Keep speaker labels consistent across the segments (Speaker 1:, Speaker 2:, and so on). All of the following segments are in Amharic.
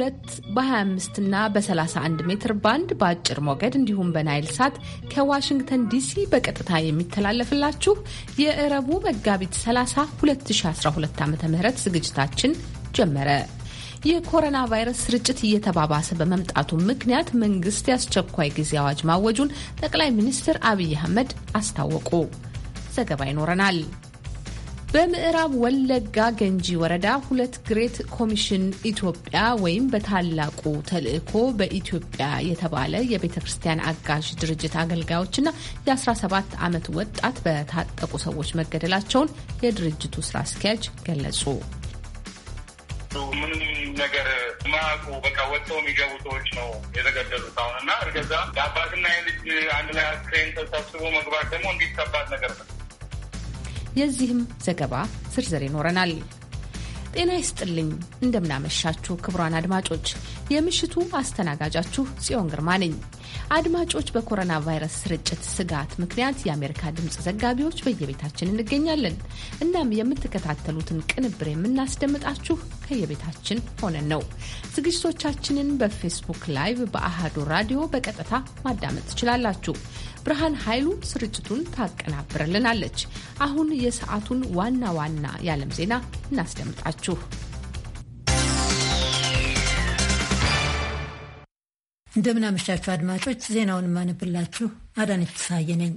Speaker 1: በ በ25 እና በ31 ሜትር ባንድ በአጭር ሞገድ እንዲሁም በናይል ሳት ከዋሽንግተን ዲሲ በቀጥታ የሚተላለፍላችሁ የእረቡ መጋቢት 30 2012 ዓ ም ዝግጅታችን ጀመረ። የኮሮና ቫይረስ ስርጭት እየተባባሰ በመምጣቱ ምክንያት መንግስት የአስቸኳይ ጊዜ አዋጅ ማወጁን ጠቅላይ ሚኒስትር አብይ አህመድ አስታወቁ። ዘገባ ይኖረናል። በምዕራብ ወለጋ ገንጂ ወረዳ ሁለት ግሬት ኮሚሽን ኢትዮጵያ ወይም በታላቁ ተልእኮ በኢትዮጵያ የተባለ የቤተ ክርስቲያን አጋዥ ድርጅት አገልጋዮችና የ17 ዓመት ወጣት በታጠቁ ሰዎች መገደላቸውን የድርጅቱ ስራ አስኪያጅ ገለጹ።
Speaker 2: ምንም ነገር ማቁ በቃ ወጥተው የሚገቡ ሰዎች ነው የተገደሉት። አሁን እና እርገዛ ለአባትና የልጅ አንድ ላይ አስክሬን ተሰብስቦ መግባት ደግሞ እንዲት ነገር ነው።
Speaker 1: የዚህም ዘገባ ዝርዝር ይኖረናል። ጤና ይስጥልኝ። እንደምናመሻችሁ ክቡራን አድማጮች፣ የምሽቱ አስተናጋጃችሁ ጽዮን ግርማ ነኝ። አድማጮች፣ በኮሮና ቫይረስ ስርጭት ስጋት ምክንያት የአሜሪካ ድምፅ ዘጋቢዎች በየቤታችን እንገኛለን። እናም የምትከታተሉትን ቅንብር የምናስደምጣችሁ ከየቤታችን ሆነን ነው። ዝግጅቶቻችንን በፌስቡክ ላይቭ በአሃዱ ራዲዮ በቀጥታ ማዳመጥ ትችላላችሁ። ብርሃን ኃይሉ ስርጭቱን ታቀናብርልናለች። አሁን የሰዓቱን ዋና ዋና
Speaker 3: የዓለም ዜና እናስደምጣችሁ። እንደምናመሻችሁ አድማጮች፣ ዜናውን የማነብላችሁ አዳነች ሳየ ነኝ።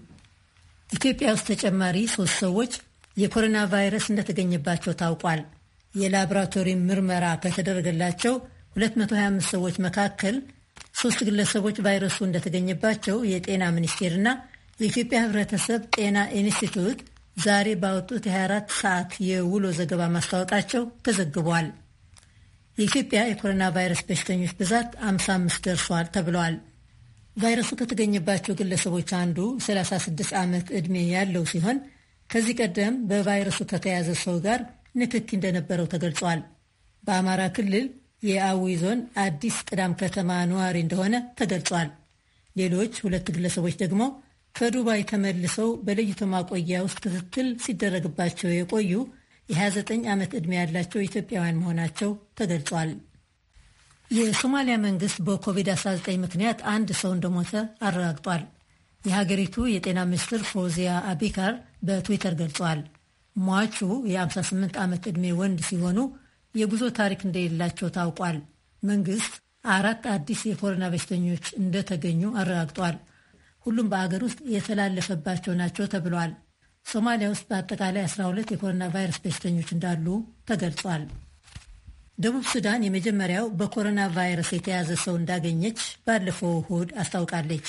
Speaker 3: ኢትዮጵያ ውስጥ ተጨማሪ ሶስት ሰዎች የኮሮና ቫይረስ እንደተገኘባቸው ታውቋል። የላቦራቶሪ ምርመራ ከተደረገላቸው 225 ሰዎች መካከል ሶስት ግለሰቦች ቫይረሱ እንደተገኘባቸው የጤና ሚኒስቴርና የኢትዮጵያ ሕብረተሰብ ጤና ኢንስቲትዩት ዛሬ ባወጡት የ24 ሰዓት የውሎ ዘገባ ማስታወቃቸው ተዘግቧል። የኢትዮጵያ የኮሮና ቫይረስ በሽተኞች ብዛት 55 ደርሷል ተብለዋል። ቫይረሱ ከተገኘባቸው ግለሰቦች አንዱ 36 ዓመት ዕድሜ ያለው ሲሆን ከዚህ ቀደም በቫይረሱ ከተያዘ ሰው ጋር ንክኪ እንደነበረው ተገልጿል። በአማራ ክልል የአዊ ዞን አዲስ ቅዳም ከተማ ነዋሪ እንደሆነ ተገልጿል። ሌሎች ሁለት ግለሰቦች ደግሞ ከዱባይ ተመልሰው በለይቶ ማቆያ ውስጥ ክትትል ሲደረግባቸው የቆዩ የ29 ዓመት ዕድሜ ያላቸው ኢትዮጵያውያን መሆናቸው ተገልጿል። የሶማሊያ መንግስት በኮቪድ-19 ምክንያት አንድ ሰው እንደሞተ አረጋግጧል። የሀገሪቱ የጤና ሚኒስትር ፎዚያ አቢካር በትዊተር ገልጿል። ሟቹ የ58 ዓመት ዕድሜ ወንድ ሲሆኑ የጉዞ ታሪክ እንደሌላቸው ታውቋል። መንግስት አራት አዲስ የኮሮና በሽተኞች እንደተገኙ አረጋግጧል። ሁሉም በአገር ውስጥ የተላለፈባቸው ናቸው ተብሏል። ሶማሊያ ውስጥ በአጠቃላይ 12 የኮሮና ቫይረስ በሽተኞች እንዳሉ ተገልጿል። ደቡብ ሱዳን የመጀመሪያው በኮሮና ቫይረስ የተያዘ ሰው እንዳገኘች ባለፈው እሁድ አስታውቃለች።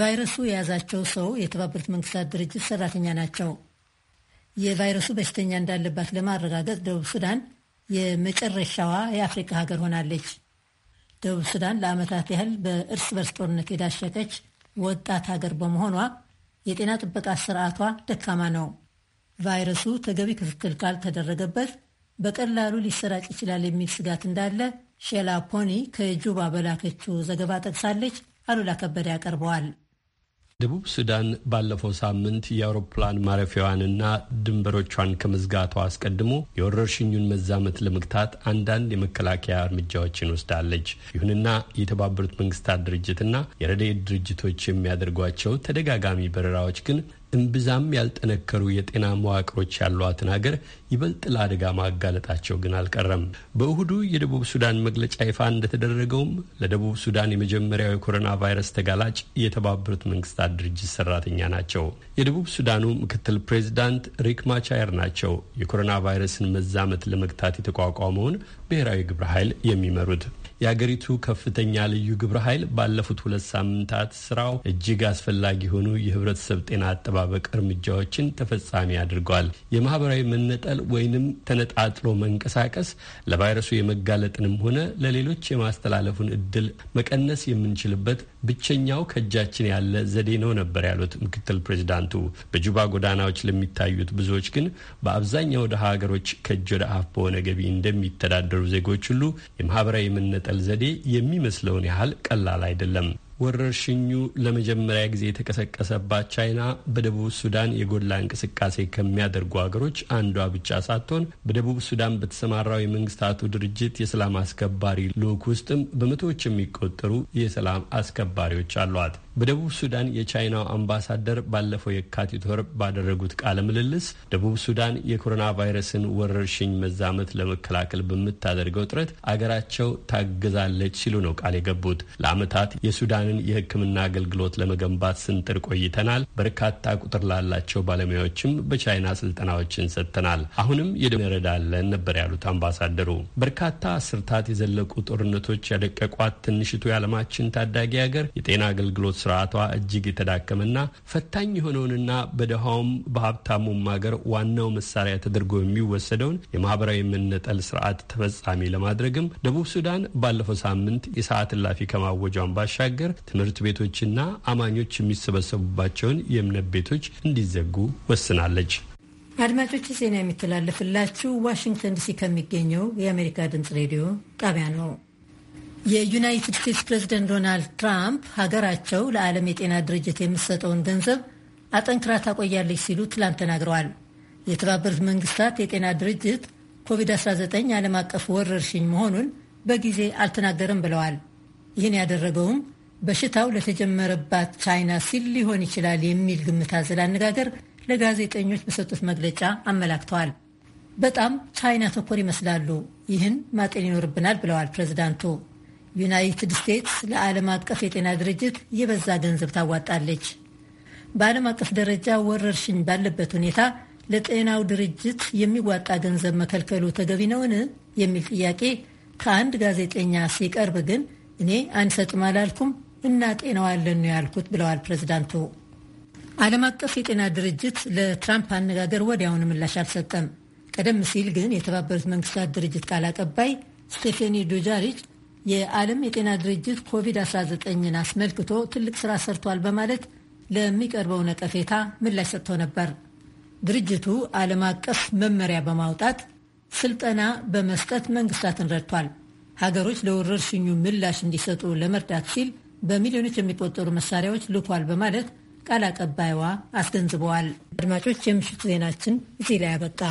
Speaker 3: ቫይረሱ የያዛቸው ሰው የተባበሩት መንግስታት ድርጅት ሰራተኛ ናቸው። የቫይረሱ በሽተኛ እንዳለባት ለማረጋገጥ ደቡብ ሱዳን የመጨረሻዋ የአፍሪካ ሀገር ሆናለች። ደቡብ ሱዳን ለዓመታት ያህል በእርስ በርስ ጦርነት የዳሸቀች ወጣት ሀገር በመሆኗ የጤና ጥበቃ ስርዓቷ ደካማ ነው። ቫይረሱ ተገቢ ክትትል ካልተደረገበት በቀላሉ ሊሰራጭ ይችላል የሚል ስጋት እንዳለ ሼላ ፖኒ ከጁባ በላከችው ዘገባ ጠቅሳለች። አሉላ ከበደ ያቀርበዋል።
Speaker 4: ደቡብ ሱዳን ባለፈው ሳምንት የአውሮፕላን ማረፊያዋንና ድንበሮቿን ከመዝጋቷ አስቀድሞ የወረርሽኙን መዛመት ለመግታት አንዳንድ የመከላከያ እርምጃዎችን ወስዳለች። ይሁንና የተባበሩት መንግስታት ድርጅትና የረድኤት ድርጅቶች የሚያደርጓቸው ተደጋጋሚ በረራዎች ግን እምብዛም ያልጠነከሩ የጤና መዋቅሮች ያሏትን ሀገር ይበልጥ ለአደጋ ማጋለጣቸው ግን አልቀረም። በእሁዱ የደቡብ ሱዳን መግለጫ ይፋ እንደተደረገውም ለደቡብ ሱዳን የመጀመሪያው የኮሮና ቫይረስ ተጋላጭ የተባበሩት መንግስታት ድርጅት ሰራተኛ ናቸው። የደቡብ ሱዳኑ ምክትል ፕሬዚዳንት ሪክ ማቻየር ናቸው የኮሮና ቫይረስን መዛመት ለመግታት የተቋቋመውን ብሔራዊ ግብረ ኃይል የሚመሩት። የአገሪቱ ከፍተኛ ልዩ ግብረ ኃይል ባለፉት ሁለት ሳምንታት ስራው እጅግ አስፈላጊ የሆኑ የህብረተሰብ ጤና አጠባበቅ እርምጃዎችን ተፈጻሚ አድርጓል። የማህበራዊ መነጠል ወይንም ተነጣጥሎ መንቀሳቀስ ለቫይረሱ የመጋለጥንም ሆነ ለሌሎች የማስተላለፉን እድል መቀነስ የምንችልበት ብቸኛው ከእጃችን ያለ ዘዴ ነው ነበር ያሉት ምክትል ፕሬዚዳንቱ። በጁባ ጎዳናዎች ለሚታዩት ብዙዎች ግን በአብዛኛው ድሀ ሀገሮች ከእጅ ወደ አፍ በሆነ ገቢ እንደሚተዳደሩ ዜጎች ሁሉ የማህበራዊ መነጠል የመከላከል ዘዴ የሚመስለውን ያህል ቀላል አይደለም። ወረርሽኙ ለመጀመሪያ ጊዜ የተቀሰቀሰባት ቻይና በደቡብ ሱዳን የጎላ እንቅስቃሴ ከሚያደርጉ ሀገሮች አንዷ ብቻ ሳትሆን በደቡብ ሱዳን በተሰማራው የመንግስታቱ ድርጅት የሰላም አስከባሪ ልዑክ ውስጥም በመቶዎች የሚቆጠሩ የሰላም አስከባሪዎች አሏት። በደቡብ ሱዳን የቻይናው አምባሳደር ባለፈው የካቲት ወር ባደረጉት ቃለ ምልልስ ደቡብ ሱዳን የኮሮና ቫይረስን ወረርሽኝ መዛመት ለመከላከል በምታደርገው ጥረት አገራቸው ታግዛለች ሲሉ ነው ቃል የገቡት። ለዓመታት የሱዳንን የሕክምና አገልግሎት ለመገንባት ስንጥር ቆይተናል። በርካታ ቁጥር ላላቸው ባለሙያዎችም በቻይና ስልጠናዎችን ሰጥተናል። አሁንም የደረዳለን ነበር ያሉት አምባሳደሩ በርካታ አስርታት የዘለቁ ጦርነቶች ያደቀቋት ትንሽቱ የዓለማችን ታዳጊ ሀገር የጤና አገልግሎት ስርዓቷ እጅግ የተዳከመና ፈታኝ የሆነውንና በደሃውም በሀብታሙም ሀገር ዋናው መሳሪያ ተደርጎ የሚወሰደውን የማህበራዊ መነጠል ስርዓት ተፈጻሚ ለማድረግም ደቡብ ሱዳን ባለፈው ሳምንት የሰዓት እላፊ ከማወጇን ባሻገር ትምህርት ቤቶችና አማኞች የሚሰበሰቡባቸውን የእምነት ቤቶች እንዲዘጉ ወስናለች።
Speaker 3: አድማጮች ዜና የሚተላለፍላችሁ ዋሽንግተን ዲሲ ከሚገኘው የአሜሪካ ድምጽ ሬዲዮ ጣቢያ ነው። የዩናይትድ ስቴትስ ፕሬዝደንት ዶናልድ ትራምፕ ሀገራቸው ለዓለም የጤና ድርጅት የምትሰጠውን ገንዘብ አጠንክራ ታቆያለች ሲሉ ትላንት ተናግረዋል። የተባበሩት መንግስታት የጤና ድርጅት ኮቪድ-19 ዓለም አቀፍ ወረርሽኝ መሆኑን በጊዜ አልተናገረም ብለዋል። ይህን ያደረገውም በሽታው ለተጀመረባት ቻይና ሲል ሊሆን ይችላል የሚል ግምት አዘል አነጋገር ለጋዜጠኞች በሰጡት መግለጫ አመላክተዋል። በጣም ቻይና ተኮር ይመስላሉ፣ ይህን ማጤን ይኖርብናል ብለዋል ፕሬዚዳንቱ። ዩናይትድ ስቴትስ ለዓለም አቀፍ የጤና ድርጅት የበዛ ገንዘብ ታዋጣለች። በዓለም አቀፍ ደረጃ ወረርሽኝ ባለበት ሁኔታ ለጤናው ድርጅት የሚዋጣ ገንዘብ መከልከሉ ተገቢ ነውን? የሚል ጥያቄ ከአንድ ጋዜጠኛ ሲቀርብ ግን እኔ አንሰጥም አላልኩም እና ጤናዋለን ነው ያልኩት ብለዋል ፕሬዚዳንቱ። ዓለም አቀፍ የጤና ድርጅት ለትራምፕ አነጋገር ወዲያውን ምላሽ አልሰጠም። ቀደም ሲል ግን የተባበሩት መንግስታት ድርጅት ቃል አቀባይ ስቴፌኒ ዱጃሪች የዓለም የጤና ድርጅት ኮቪድ-19ን አስመልክቶ ትልቅ ስራ ሰርቷል በማለት ለሚቀርበው ነቀፌታ ምላሽ ሰጥቶ ነበር። ድርጅቱ ዓለም አቀፍ መመሪያ በማውጣት ስልጠና በመስጠት መንግስታትን ረድቷል። ሀገሮች ለወረርሽኙ ምላሽ እንዲሰጡ ለመርዳት ሲል በሚሊዮኖች የሚቆጠሩ መሳሪያዎች ልኳል በማለት ቃል አቀባይዋ አስገንዝበዋል። አድማጮች፣ የምሽቱ ዜናችን እዚህ ላይ አበቃ።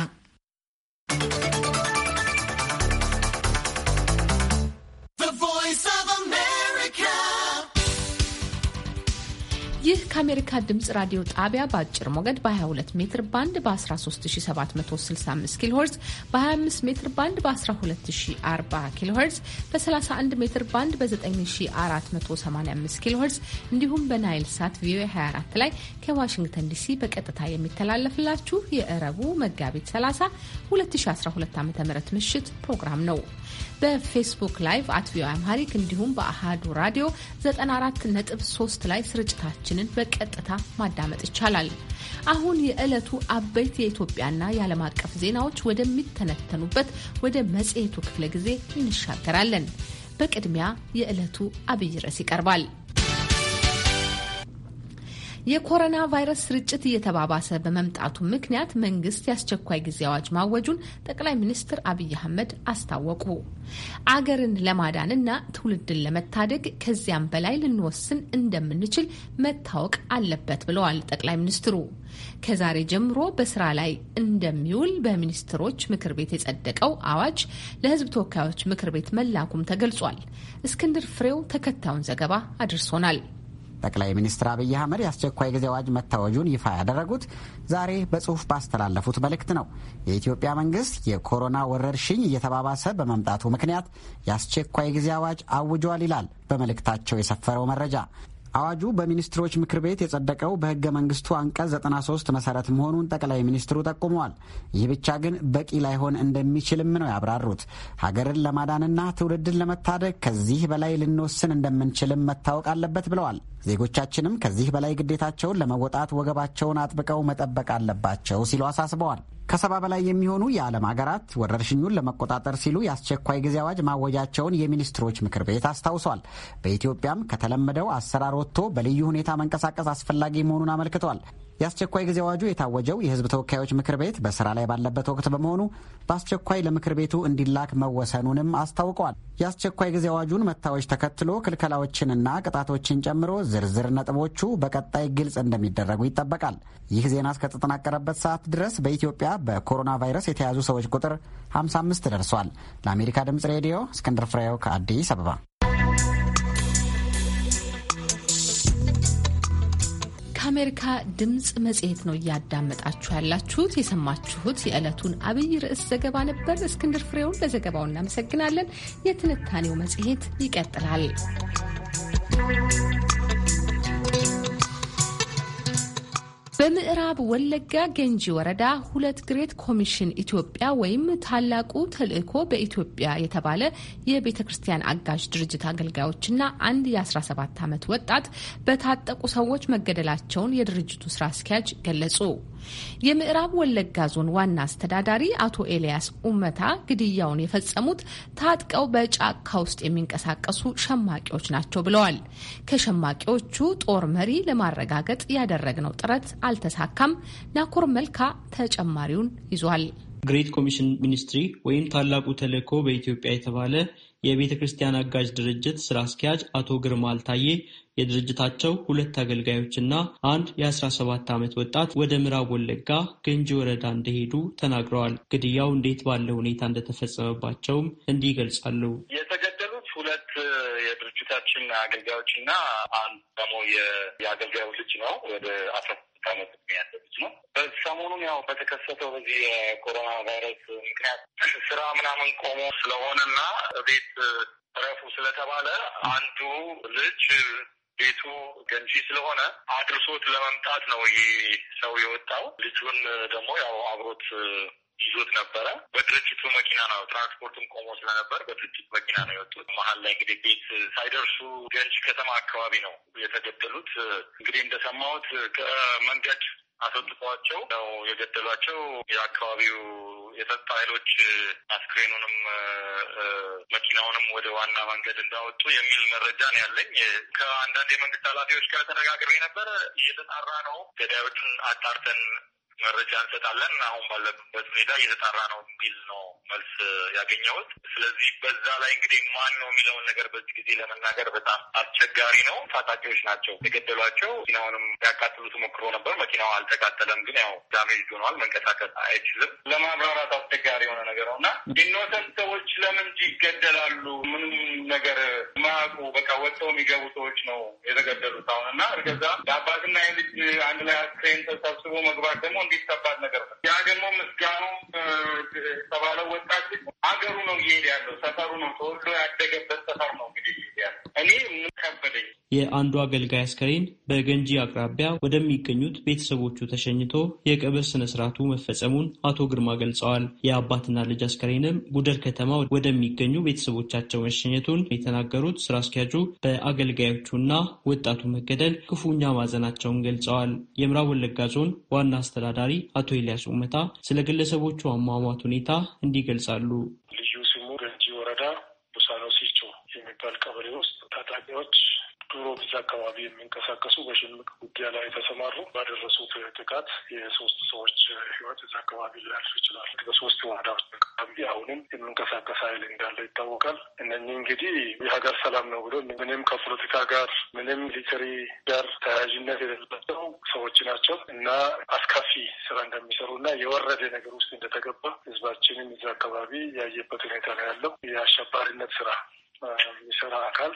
Speaker 1: ከአሜሪካ ድምፅ ራዲዮ ጣቢያ በአጭር ሞገድ በ22 ሜትር ባንድ በ13765 ኪሎ በ25 ሜትር ባንድ በ1240 ኪሎ በ31 ሜትር ባንድ በ9485 ኪሎ እንዲሁም በናይል ሳት ቪኦኤ 24 ላይ ከዋሽንግተን ዲሲ በቀጥታ የሚተላለፍላችሁ የእረቡ መጋቢት 30 2012 ዓ.ም ምሽት ፕሮግራም ነው። በፌስቡክ ላይቭ አት ቪኦኤ አምሃሪክ እንዲሁም በአሃዱ ራዲዮ 94.3 ላይ ስርጭታችንን በቀጥታ ማዳመጥ ይቻላል። አሁን የዕለቱ አበይት የኢትዮጵያና የዓለም አቀፍ ዜናዎች ወደሚተነተኑበት ወደ መጽሔቱ ክፍለ ጊዜ እንሻገራለን። በቅድሚያ የዕለቱ አብይ ርዕስ ይቀርባል። የኮሮና ቫይረስ ስርጭት እየተባባሰ በመምጣቱ ምክንያት መንግስት የአስቸኳይ ጊዜ አዋጅ ማወጁን ጠቅላይ ሚኒስትር አብይ አህመድ አስታወቁ። አገርን ለማዳንና ትውልድን ለመታደግ ከዚያም በላይ ልንወስን እንደምንችል መታወቅ አለበት ብለዋል ጠቅላይ ሚኒስትሩ። ከዛሬ ጀምሮ በስራ ላይ እንደሚውል በሚኒስትሮች ምክር ቤት የጸደቀው አዋጅ ለህዝብ ተወካዮች ምክር ቤት መላኩም ተገልጿል።
Speaker 5: እስክንድር ፍሬው ተከታዩን ዘገባ አድርሶናል። ጠቅላይ ሚኒስትር አብይ አህመድ የአስቸኳይ ጊዜ አዋጅ መታወጁን ይፋ ያደረጉት ዛሬ በጽሁፍ ባስተላለፉት መልእክት ነው። የኢትዮጵያ መንግስት የኮሮና ወረርሽኝ እየተባባሰ በመምጣቱ ምክንያት የአስቸኳይ ጊዜ አዋጅ አውጇል ይላል በመልእክታቸው የሰፈረው መረጃ። አዋጁ በሚኒስትሮች ምክር ቤት የጸደቀው በህገ መንግስቱ አንቀጽ 93 መሰረት መሆኑን ጠቅላይ ሚኒስትሩ ጠቁመዋል። ይህ ብቻ ግን በቂ ላይሆን እንደሚችልም ነው ያብራሩት። ሀገርን ለማዳንና ትውልድን ለመታደግ ከዚህ በላይ ልንወስን እንደምንችልም መታወቅ አለበት ብለዋል። ዜጎቻችንም ከዚህ በላይ ግዴታቸውን ለመወጣት ወገባቸውን አጥብቀው መጠበቅ አለባቸው ሲሉ አሳስበዋል። ከሰባ በላይ የሚሆኑ የዓለም ሀገራት ወረርሽኙን ለመቆጣጠር ሲሉ የአስቸኳይ ጊዜ አዋጅ ማወጃቸውን የሚኒስትሮች ምክር ቤት አስታውሷል። በኢትዮጵያም ከተለመደው አሰራር ወጥቶ በልዩ ሁኔታ መንቀሳቀስ አስፈላጊ መሆኑን አመልክቷል። የአስቸኳይ ጊዜ አዋጁ የታወጀው የህዝብ ተወካዮች ምክር ቤት በስራ ላይ ባለበት ወቅት በመሆኑ በአስቸኳይ ለምክር ቤቱ እንዲላክ መወሰኑንም አስታውቀዋል። የአስቸኳይ ጊዜ አዋጁን መታወጅ ተከትሎ ክልከላዎችንና ቅጣቶችን ጨምሮ ዝርዝር ነጥቦቹ በቀጣይ ግልጽ እንደሚደረጉ ይጠበቃል። ይህ ዜና እስከተጠናቀረበት ሰዓት ድረስ በኢትዮጵያ በኮሮና ቫይረስ የተያዙ ሰዎች ቁጥር 55 ደርሷል። ለአሜሪካ ድምጽ ሬዲዮ እስክንድር ፍሬው ከአዲስ አበባ
Speaker 1: ከአሜሪካ ድምፅ መጽሔት ነው እያዳመጣችሁ ያላችሁት። የሰማችሁት የዕለቱን አብይ ርዕስ ዘገባ ነበር። እስክንድር ፍሬውን ለዘገባው እናመሰግናለን። የትንታኔው መጽሔት ይቀጥላል። በምዕራብ ወለጋ ገንጂ ወረዳ ሁለት ግሬት ኮሚሽን ኢትዮጵያ ወይም ታላቁ ተልእኮ በኢትዮጵያ የተባለ የቤተ ክርስቲያን አጋዥ ድርጅት አገልጋዮችና አንድ የ17 ዓመት ወጣት በታጠቁ ሰዎች መገደላቸውን የድርጅቱ ስራ አስኪያጅ ገለጹ። የምዕራብ ወለጋ ዞን ዋና አስተዳዳሪ አቶ ኤልያስ ኡመታ ግድያውን የፈጸሙት ታጥቀው በጫካ ውስጥ የሚንቀሳቀሱ ሸማቂዎች ናቸው ብለዋል። ከሸማቂዎቹ ጦር መሪ ለማረጋገጥ ያደረግነው ጥረት አልተሳካም። ናኮር መልካ ተጨማሪውን ይዟል።
Speaker 6: ግሬት ኮሚሽን ሚኒስትሪ ወይም ታላቁ ተልዕኮ በኢትዮጵያ የተባለ የቤተ ክርስቲያን አጋዥ ድርጅት ስራ አስኪያጅ አቶ ግርማ አልታዬ የድርጅታቸው ሁለት አገልጋዮችና አንድ የ17 ዓመት ወጣት ወደ ምዕራብ ወለጋ ገንጂ ወረዳ እንደሄዱ ተናግረዋል። ግድያው እንዴት ባለ ሁኔታ እንደተፈጸመባቸውም እንዲህ ይገልጻሉ። የተገደሉት
Speaker 7: ሁለት የድርጅታችን አገልጋዮችና አንድ ደግሞ የአገልጋዩ ልጅ ነው ወደ አስራ ዓመት ነው። በሰሞኑን ያው በተከሰተው በዚህ የኮሮና ቫይረስ ምክንያት ስራ ምናምን ቆሞ ስለሆነና ቤት ረፉ ስለተባለ አንዱ ልጅ ቤቱ ገንጂ ስለሆነ አድርሶት ለመምጣት ነው ይሄ ሰው የወጣው። ልጁን ደግሞ ያው አብሮት ይዞት ነበረ። በድርጅቱ መኪና ነው ትራንስፖርትም ቆሞ ስለነበር በድርጅቱ መኪና ነው የወጡት። መሀል ላይ እንግዲህ ቤት ሳይደርሱ ገንጂ ከተማ አካባቢ ነው የተገደሉት። እንግዲህ እንደሰማሁት ከመንገድ አስወጥተዋቸው ነው የገደሏቸው። የአካባቢው የጸጥታ ኃይሎች አስክሬኑንም መኪናውንም ወደ ዋና መንገድ እንዳወጡ የሚል መረጃ ነው ያለኝ። ከአንዳንድ የመንግስት ኃላፊዎች ጋር ተነጋግሬ ነበረ። እየተጣራ ነው። ገዳዮቹን አጣርተን መረጃ እንሰጣለን። አሁን ባለበት ሁኔታ እየተጣራ ነው የሚል ነው መልስ ያገኘሁት። ስለዚህ በዛ ላይ እንግዲህ ማን ነው የሚለውን ነገር በዚህ ጊዜ ለመናገር በጣም አስቸጋሪ ነው። ታጣቂዎች ናቸው የገደሏቸው። መኪናውንም ያቃጥሉት ሞክሮ ነበር። መኪናው አልተቃጠለም፣ ግን ያው ዳሜጅ ሆኗል። መንቀሳቀስ አይችልም። ለማብራራት አስቸጋሪ የሆነ ነገር ነው እና ኢኖሰንት ሰዎች ለምን ይገደላሉ? ምንም ነገር
Speaker 2: ማያውቁ በቃ ወጥተው የሚገቡ ሰዎች ነው የተገደሉት። አሁን እና እርገዛ የአባትና የልጅ አንድ ላይ አስክሬን ተሰብስቦ መግባት ደግሞ እንዲህ ከባድ ነገር ነው። ያ ደግሞ ምስጋኑ የተባለው ወጣት ሀገሩ ነው እየሄድ ያለው ሰፈሩ ነው ተወልዶ ያደገበት ሰፈር ነው እንግዲህ ያለው። እኔ
Speaker 6: ምን ከበደኝ። የአንዱ አገልጋይ አስከሬን በገንጂ አቅራቢያ ወደሚገኙት ቤተሰቦቹ ተሸኝቶ የቀብር ስነስርዓቱ መፈጸሙን አቶ ግርማ ገልጸዋል። የአባትና ልጅ አስከሬንም ጉደር ከተማ ወደሚገኙ ቤተሰቦቻቸው መሸኘቱን የተናገሩት ስራ አስኪያጁ በአገልጋዮቹና ወጣቱ መገደል ክፉኛ ማዘናቸውን ገልጸዋል። የምዕራብ ወለጋ ዞን ዋና አስተዳዳሪ አቶ ኤልያስ ኡመታ ስለ ግለሰቦቹ አሟሟት ሁኔታ እንዲገልጻሉ
Speaker 7: religieux በጉጂ አካባቢ የሚንቀሳቀሱ በሽምቅ ውጊያ ላይ ተሰማሩ ባደረሱት ጥቃት የሶስት ሰዎች ህይወት እዚ አካባቢ ሊያልፍ ይችላል። በሶስት ወረዳዎች አካባቢ አሁንም የሚንቀሳቀስ ኃይል እንዳለ ይታወቃል። እነኚህ እንግዲህ የሀገር ሰላም ነው ብሎ ምንም ከፖለቲካ ጋር ምንም ሚሊተሪ ጋር ተያያዥነት የሌለባቸው ሰዎች ናቸው እና አስካፊ ስራ እንደሚሰሩ እና የወረደ ነገር ውስጥ እንደተገባ ህዝባችንም እዚ አካባቢ ያየበት ሁኔታ ላይ ያለው። የአሸባሪነት ስራ የሚሰራ አካል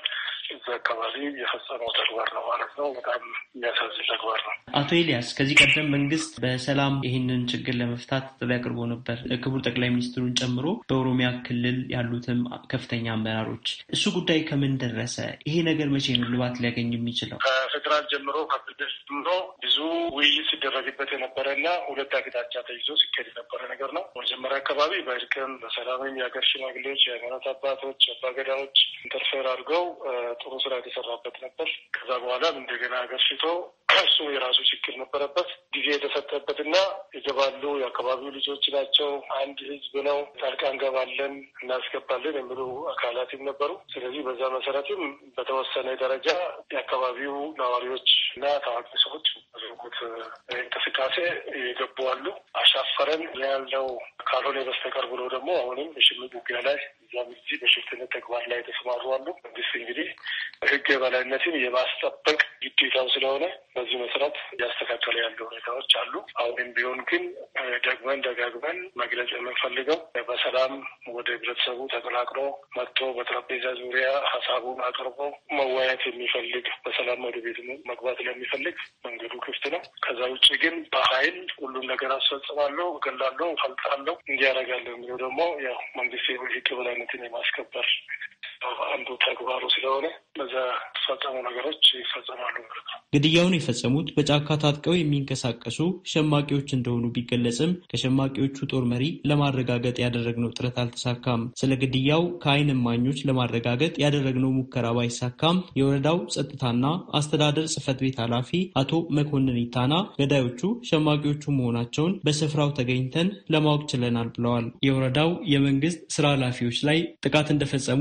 Speaker 7: እዛ አካባቢ የፈጸመው ተግባር ነው ማለት ነው። በጣም የሚያሳዝን ተግባር ነው።
Speaker 6: አቶ ኤልያስ ከዚህ ቀደም መንግስት በሰላም ይህንን ችግር ለመፍታት ጥሪ አቅርቦ ነበር፣ ክቡር ጠቅላይ ሚኒስትሩን ጨምሮ በኦሮሚያ ክልል ያሉትም ከፍተኛ አመራሮች። እሱ ጉዳይ ከምን ደረሰ? ይሄ ነገር መቼ ነው ልባት ሊያገኝ የሚችለው? ከፌዴራል ጀምሮ
Speaker 7: ከክልል ጀምሮ ብዙ ውይይት ሲደረግበት የነበረና ሁለት አቅጣጫ ተይዞ ሲካሄድ የነበረ ነገር ነው። መጀመሪያ አካባቢ በእርቅም በሰላምም የሀገር ሽማግሌዎች፣ የሃይማኖት አባቶች፣ አባገዳዎች ኢንተርፌር አድርገው ጥሩ ስራ የተሰራበት ነበር። ከዛ በኋላም እንደገና አገርሽቶ እሱ የራሱ ችግር ነበረበት። ጊዜ የተሰጠበትና የገባሉ የአካባቢው ልጆች ናቸው፣ አንድ ህዝብ ነው፣ ጣልቃ እንገባለን እናስገባለን የሚሉ አካላትም ነበሩ። ስለዚህ በዛ መሰረትም በተወሰነ ደረጃ የአካባቢው ነዋሪዎች እና ታዋቂ ሰዎች ያደረጉት እንቅስቃሴ የገቡ አሉ። አሻፈረን ያለው ካልሆነ በስተቀር ብሎ ደግሞ አሁንም የሽምቅ ውጊያ ላይ እዚያም እዚህ በሽፍትነት ተግባር ላይ የተሰማሩ አሉ። መንግስት እንግዲህ ህግ የበላይነትን የማስጠበቅ ግዴታው ስለሆነ በዚህ መሰረት እያስተካከለ ያሉ ሁኔታዎች አሉ። አሁንም ቢሆን ግን ደግመን ደጋግመን መግለጽ የምንፈልገው በሰላም ወደ ህብረተሰቡ ተቀላቅሎ መጥቶ በጠረጴዛ ዙሪያ ሀሳቡን አቅርቦ መወያየት የሚፈልግ በሰላም ወደ ቤት መግባት ለሚፈልግ መንገዱ ክፍት ነው። ከዛ ውጭ ግን በኃይል ሁሉም ነገር አስፈጽማለሁ፣ እገላለሁ፣ ፈልጣለሁ፣ እንዲያደርጋለሁ የሚለው ደግሞ ያው መንግስት የህግ የበላይነትን የማስከበር አንዱ ተግባሩ ስለሆነ በዛ የተፈጸሙ ነገሮች
Speaker 6: ይፈጸማሉ ማለት ነው። ግድያውን የፈጸሙት በጫካ ታጥቀው የሚንቀሳቀሱ ሸማቂዎች እንደሆኑ ቢገለጽም ከሸማቂዎቹ ጦር መሪ ለማረጋገጥ ያደረግነው ጥረት አልተሳካም። ስለ ግድያው ከዓይን እማኞች ለማረጋገጥ ያደረግነው ሙከራ ባይሳካም የወረዳው ጸጥታና አስተዳደር ጽሕፈት ቤት ኃላፊ አቶ መኮንን ይታና ገዳዮቹ ሸማቂዎቹ መሆናቸውን በስፍራው ተገኝተን ለማወቅ ችለናል ብለዋል። የወረዳው የመንግስት ስራ ኃላፊዎች ላይ ጥቃት እንደፈጸሙ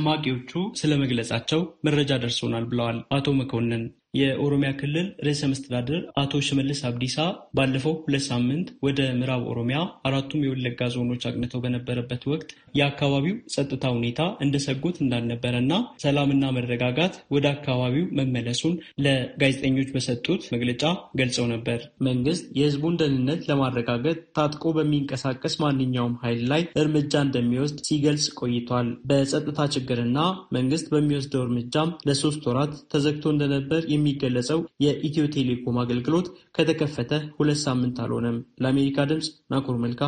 Speaker 6: ሸማቂዎቹ ስለመግለጻቸው መረጃ ደርሶናል ብለዋል አቶ መኮንን። የኦሮሚያ ክልል ርዕሰ መስተዳድር አቶ ሽመልስ አብዲሳ ባለፈው ሁለት ሳምንት ወደ ምዕራብ ኦሮሚያ አራቱም የወለጋ ዞኖች አቅንተው በነበረበት ወቅት የአካባቢው ጸጥታ ሁኔታ እንደሰጉት ሰጎት እንዳልነበረና ሰላምና መረጋጋት ወደ አካባቢው መመለሱን ለጋዜጠኞች በሰጡት መግለጫ ገልጸው ነበር። መንግስት የህዝቡን ደህንነት ለማረጋገጥ ታጥቆ በሚንቀሳቀስ ማንኛውም ኃይል ላይ እርምጃ እንደሚወስድ ሲገልጽ ቆይቷል። በጸጥታ ችግርና መንግስት በሚወስደው እርምጃም ለሶስት ወራት ተዘግቶ እንደነበር የሚገለጸው የኢትዮ ቴሌኮም አገልግሎት ከተከፈተ ሁለት ሳምንት አልሆነም። ለአሜሪካ ድምፅ ናኮር መልካ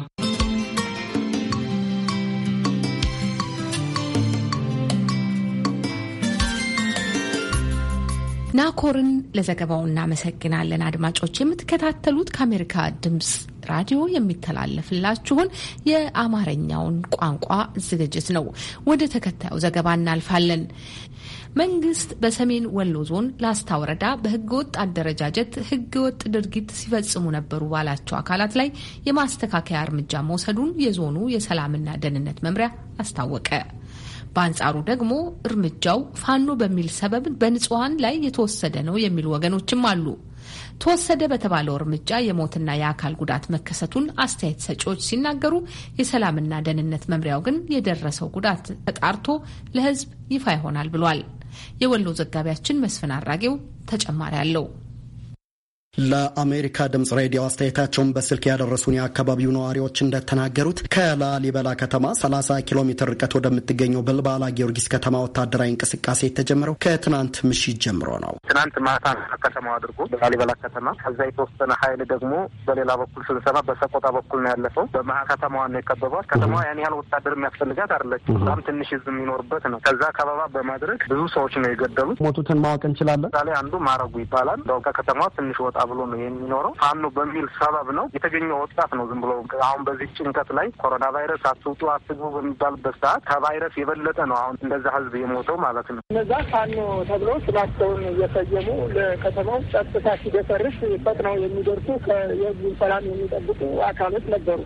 Speaker 1: ናኮርን ለዘገባው እናመሰግናለን። አድማጮች የምትከታተሉት ከአሜሪካ ድምፅ ራዲዮ የሚተላለፍላችሁን የአማርኛውን ቋንቋ ዝግጅት ነው። ወደ ተከታዩ ዘገባ እናልፋለን። መንግስት በሰሜን ወሎ ዞን ላስታ ወረዳ በህገወጥ አደረጃጀት ህገወጥ ድርጊት ሲፈጽሙ ነበሩ ባላቸው አካላት ላይ የማስተካከያ እርምጃ መውሰዱን የዞኑ የሰላምና ደህንነት መምሪያ አስታወቀ። በአንጻሩ ደግሞ እርምጃው ፋኖ በሚል ሰበብ በንጹሐን ላይ የተወሰደ ነው የሚሉ ወገኖችም አሉ። ተወሰደ በተባለው እርምጃ የሞትና የአካል ጉዳት መከሰቱን አስተያየት ሰጪዎች ሲናገሩ፣ የሰላምና ደህንነት መምሪያው ግን የደረሰው ጉዳት ተጣርቶ ለሕዝብ ይፋ ይሆናል ብሏል። የወሎ ዘጋቢያችን መስፍን አራጌው ተጨማሪ አለው።
Speaker 8: ለአሜሪካ ድምጽ ሬዲዮ አስተያየታቸውን በስልክ ያደረሱን የአካባቢው ነዋሪዎች እንደተናገሩት ከላሊበላ ከተማ 30 ኪሎ ሜትር ርቀት ወደምትገኘው በልባላ ጊዮርጊስ ከተማ ወታደራዊ እንቅስቃሴ የተጀመረው ከትናንት ምሽት ጀምሮ ነው።
Speaker 9: ትናንት ማታ ከተማው አድርጎ በላሊበላ ከተማ፣ ከዛ የተወሰነ ሀይል ደግሞ በሌላ በኩል ስንሰማ በሰቆጣ በኩል ነው ያለፈው። በመሀል ከተማዋ ነው የከበቧት። ከተማዋ ያን ያህል ወታደር የሚያስፈልጋት አለች። በጣም ትንሽ ህዝብ የሚኖርበት ነው። ከዛ ከበባ በማድረግ ብዙ ሰዎች ነው የገደሉት። ሞቱትን ማወቅ እንችላለን። ምሳሌ አንዱ ማረጉ ይባላል። ከተማዋ ትንሽ ወጣ ብሎ ነው የሚኖረው። ፋኖ በሚል ሰበብ ነው የተገኘው ወጣት ነው። ዝም ብሎ አሁን በዚህ ጭንቀት ላይ ኮሮና ቫይረስ አትውጡ አትግቡ በሚባልበት ሰዓት ከቫይረስ የበለጠ ነው አሁን እንደዛ ህዝብ የሞተው ማለት ነው። እነዛ ፋኖ ተብሎ ስማቸውን እየሰየሙ ለከተማው ጸጥታ ሲደፈርስ ፈጥነው የሚደርሱ የህዝቡን ሰላም የሚጠብቁ አካሎች ነበሩ።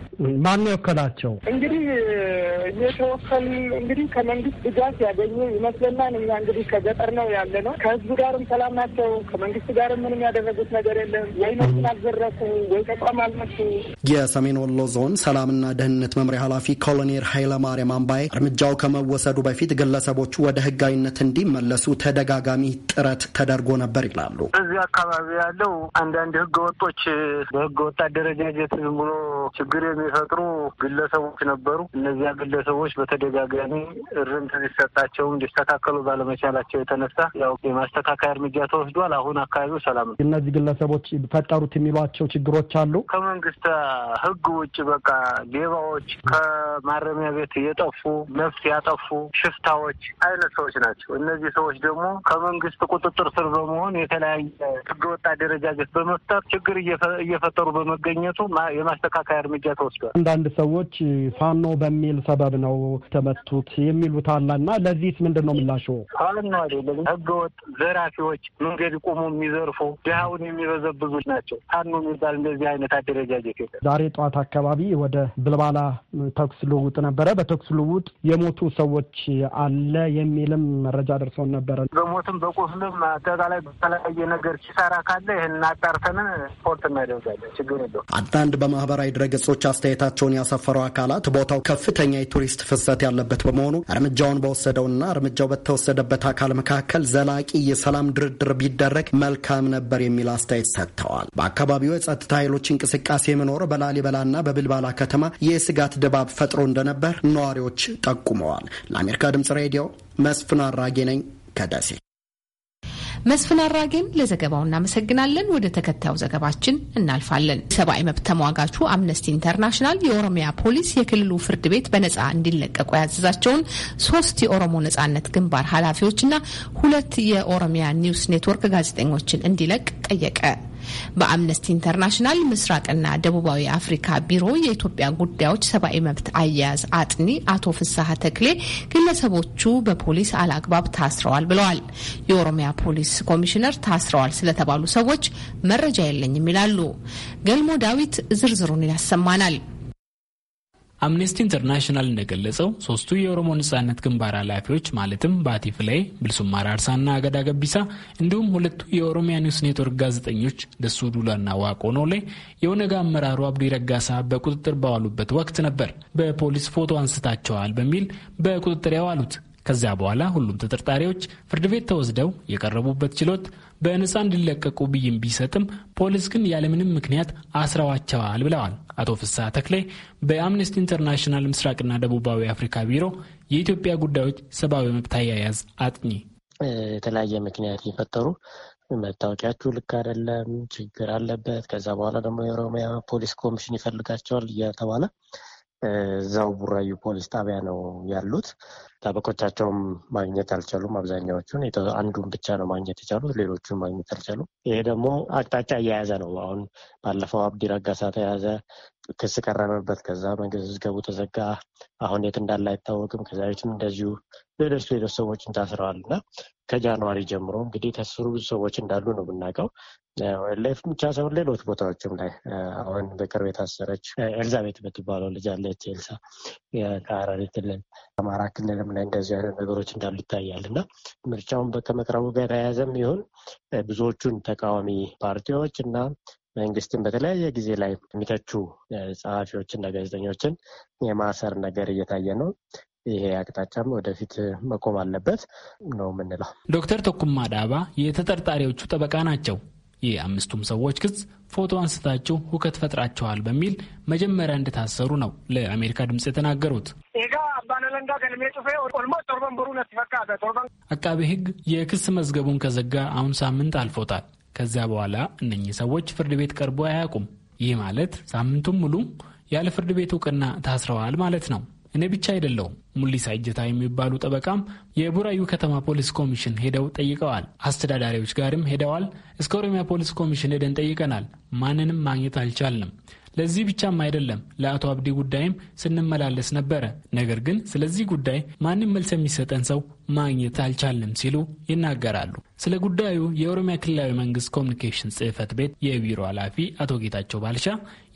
Speaker 8: ማን ወከላቸው?
Speaker 9: እንግዲህ እየተወከል እንግዲህ ከመንግስት ድጋፍ ያገኘ ይመስለናል። እኛ እንግዲህ ከገጠር ነው ያለ ነው። ከህዝቡ ጋርም ሰላም ናቸው። ከመንግስት ጋርም ምንም ያደረጉት ነገር አይደለም ወይ
Speaker 8: የሰሜን ወሎ ዞን ሰላምና ደህንነት መምሪያ ኃላፊ ኮሎኔል ኃይለማርያም አምባይ እርምጃው ከመወሰዱ በፊት ግለሰቦቹ ወደ ህጋዊነት እንዲመለሱ ተደጋጋሚ ጥረት ተደርጎ ነበር ይላሉ።
Speaker 2: በዚህ አካባቢ ያለው አንዳንድ ህገ ወጦች በህገ ወጥ
Speaker 9: አደረጃጀት ዝም ብሎ ችግር የሚፈጥሩ ግለሰቦች ነበሩ። እነዚያ ግለሰቦች በተደጋጋሚ እርምት ሊሰጣቸውም እንዲስተካከሉ ባለመቻላቸው የተነሳ ያው የማስተካከያ እርምጃ ተወስዷል። አሁን አካባቢው ሰላም
Speaker 8: ነው። እነዚህ ግለሰቦች ችግሮች ፈጠሩት የሚሏቸው ችግሮች አሉ።
Speaker 9: ከመንግስት ህግ ውጭ በቃ ሌባዎች፣ ከማረሚያ ቤት የጠፉ ነፍስ ያጠፉ ሽፍታዎች አይነት ሰዎች ናቸው። እነዚህ ሰዎች ደግሞ ከመንግስት ቁጥጥር ስር በመሆን የተለያየ ህገወጥ አደረጃጀት በመፍጠር ችግር እየፈጠሩ በመገኘቱ የማስተካከያ እርምጃ ተወስዷል።
Speaker 10: አንዳንድ ሰዎች
Speaker 8: ፋኖ በሚል ሰበብ ነው ተመቱት የሚሉት አለ እና ለዚህስ ምንድን ነው ምላሽ?
Speaker 9: ፋኖ አይደለም ህገወጥ ዘራፊዎች፣ መንገድ ቆሞ የሚዘርፉ ድሃውን የሚበዛ የሚበዘብዙ ናቸው። ፋኖ የሚባል እንደዚህ አይነት አደረጃጀት የለም።
Speaker 8: ዛሬ ጠዋት አካባቢ ወደ ብልባላ ተኩስ ልውውጥ ነበረ። በተኩስ ልውውጥ የሞቱ ሰዎች አለ የሚልም መረጃ ደርሰውን ነበረ።
Speaker 9: በሞትም በቁስልም አጠቃላይ በተለያየ ነገር ሲሰራ ካለ ይህን አጣርተን ሪፖርት እናደርጋለን። ችግር የለውም።
Speaker 8: አንዳንድ በማህበራዊ ድረገጾች አስተያየታቸውን ያሰፈሩ አካላት ቦታው ከፍተኛ የቱሪስት ፍሰት ያለበት በመሆኑ እርምጃውን በወሰደውና እርምጃው በተወሰደበት አካል መካከል ዘላቂ የሰላም ድርድር ቢደረግ መልካም ነበር የሚል አስተያየት ሰጥተዋል። በአካባቢው የጸጥታ ኃይሎች እንቅስቃሴ መኖር በላሊበላና በብልባላ ከተማ የስጋት ድባብ ፈጥሮ እንደነበር ነዋሪዎች ጠቁመዋል። ለአሜሪካ ድምጽ ሬዲዮ መስፍን አራጌ ነኝ ከደሴ።
Speaker 1: መስፍን አራጌን ለዘገባው እናመሰግናለን። ወደ ተከታዩ ዘገባችን እናልፋለን። ሰብአዊ መብት ተሟጋቹ አምነስቲ ኢንተርናሽናል የኦሮሚያ ፖሊስ የክልሉ ፍርድ ቤት በነጻ እንዲለቀቁ ያዘዛቸውን ሶስት የኦሮሞ ነጻነት ግንባር ኃላፊዎችና ሁለት የኦሮሚያ ኒውስ ኔትወርክ ጋዜጠኞችን እንዲለቅ ጠየቀ። በአምነስቲ ኢንተርናሽናል ምስራቅና ደቡባዊ አፍሪካ ቢሮ የኢትዮጵያ ጉዳዮች ሰብአዊ መብት አያያዝ አጥኒ አቶ ፍስሐ ተክሌ ግለሰቦቹ በፖሊስ አላግባብ ታስረዋል ብለዋል። የኦሮሚያ ፖሊስ ኮሚሽነር ታስረዋል ስለተባሉ ሰዎች መረጃ የለኝም ይላሉ። ገልሞ ዳዊት ዝርዝሩን ያሰማናል።
Speaker 11: አምነስቲ ኢንተርናሽናል እንደገለጸው ሶስቱ የኦሮሞ ነጻነት ግንባር ኃላፊዎች ማለትም ባቲ ፍላዬ፣ ብልሱማ ራርሳና አገዳ ገቢሳ እንዲሁም ሁለቱ የኦሮሚያ ኒውስ ኔትወርክ ጋዜጠኞች ደሱ ዱላና ዋቆኖ ላይ የኦነግ አመራሩ አብዲ ረጋሳ በቁጥጥር በዋሉበት ወቅት ነበር በፖሊስ ፎቶ አንስታቸዋል በሚል በቁጥጥር ያዋሉት። ከዚያ በኋላ ሁሉም ተጠርጣሪዎች ፍርድ ቤት ተወስደው የቀረቡበት ችሎት በነፃ እንዲለቀቁ ብይን ቢሰጥም ፖሊስ ግን ያለምንም ምክንያት አስረዋቸዋል ብለዋል። አቶ ፍስሐ ተክሌ በአምነስቲ ኢንተርናሽናል ምስራቅና ደቡባዊ አፍሪካ ቢሮ የኢትዮጵያ ጉዳዮች ሰብአዊ መብት አያያዝ አጥኚ፣
Speaker 12: የተለያየ ምክንያት የፈጠሩ መታወቂያችሁ ልክ አይደለም፣ ችግር አለበት፣ ከዛ በኋላ ደግሞ የኦሮሚያ ፖሊስ ኮሚሽን ይፈልጋቸዋል እየተባለ እዛው ቡራዩ ፖሊስ ጣቢያ ነው ያሉት። ጠበቆቻቸውም ማግኘት አልቻሉም። አብዛኛዎቹን አንዱን ብቻ ነው ማግኘት የቻሉት፣ ሌሎቹን ማግኘት አልቻሉም። ይሄ ደግሞ አቅጣጫ እየያዘ ነው። አሁን ባለፈው አብዲ ረጋሳ ተያዘ፣ ክስ ቀረበበት፣ ከዛ መንግስት ዝገቡ ተዘጋ፣ አሁን የት እንዳለ አይታወቅም። ከዛ ቤትም እንደዚሁ ሌሎች ሌሎች ሰዎችን ታስረዋል እና ከጃንዋሪ ጀምሮ እንግዲህ ተስሩ ብዙ ሰዎች እንዳሉ ነው የምናውቀው። ኤልኤፍ ብቻ ሳይሆን ሌሎች ቦታዎችም ላይ አሁን በቅርብ የታሰረች ኤልዛቤት የምትባለው ልጅ አለች። ኤልሳ ከሀረሪ ክልል አማራ ክልልም ላይ እንደዚህ አይነት ነገሮች እንዳሉ ይታያል እና ምርጫውን ከመቅረቡ ጋር የተያያዘም ይሁን ብዙዎቹን ተቃዋሚ ፓርቲዎች እና መንግስትን በተለያየ ጊዜ ላይ የሚተቹ ጸሐፊዎችና ጋዜጠኞችን የማሰር ነገር እየታየ ነው። ይሄ አቅጣጫም ወደፊት መቆም አለበት ነው የምንለው።
Speaker 11: ዶክተር ተኩማ ዳባ የተጠርጣሪዎቹ ጠበቃ ናቸው። የአምስቱም ሰዎች ክስ ፎቶ አንስታችሁ ሁከት ፈጥራችኋል በሚል መጀመሪያ እንደታሰሩ ነው ለአሜሪካ ድምፅ የተናገሩት። አቃቤ ሕግ የክስ መዝገቡን ከዘጋ አሁን ሳምንት አልፎታል። ከዚያ በኋላ እነኚህ ሰዎች ፍርድ ቤት ቀርቦ አያውቁም። ይህ ማለት ሳምንቱም ሙሉ ያለ ፍርድ ቤት እውቅና ታስረዋል ማለት ነው። እኔ ብቻ አይደለውም። ሙሊሳ እጀታ የሚባሉ ጠበቃም የቡራዩ ከተማ ፖሊስ ኮሚሽን ሄደው ጠይቀዋል። አስተዳዳሪዎች ጋርም ሄደዋል። እስከ ኦሮሚያ ፖሊስ ኮሚሽን ሄደን ጠይቀናል። ማንንም ማግኘት አልቻልንም። ለዚህ ብቻም አይደለም ለአቶ አብዲ ጉዳይም ስንመላለስ ነበረ። ነገር ግን ስለዚህ ጉዳይ ማንም መልስ የሚሰጠን ሰው ማግኘት አልቻልንም ሲሉ ይናገራሉ። ስለ ጉዳዩ የኦሮሚያ ክልላዊ መንግስት ኮሚኒኬሽን ጽህፈት ቤት የቢሮ ኃላፊ አቶ ጌታቸው ባልሻ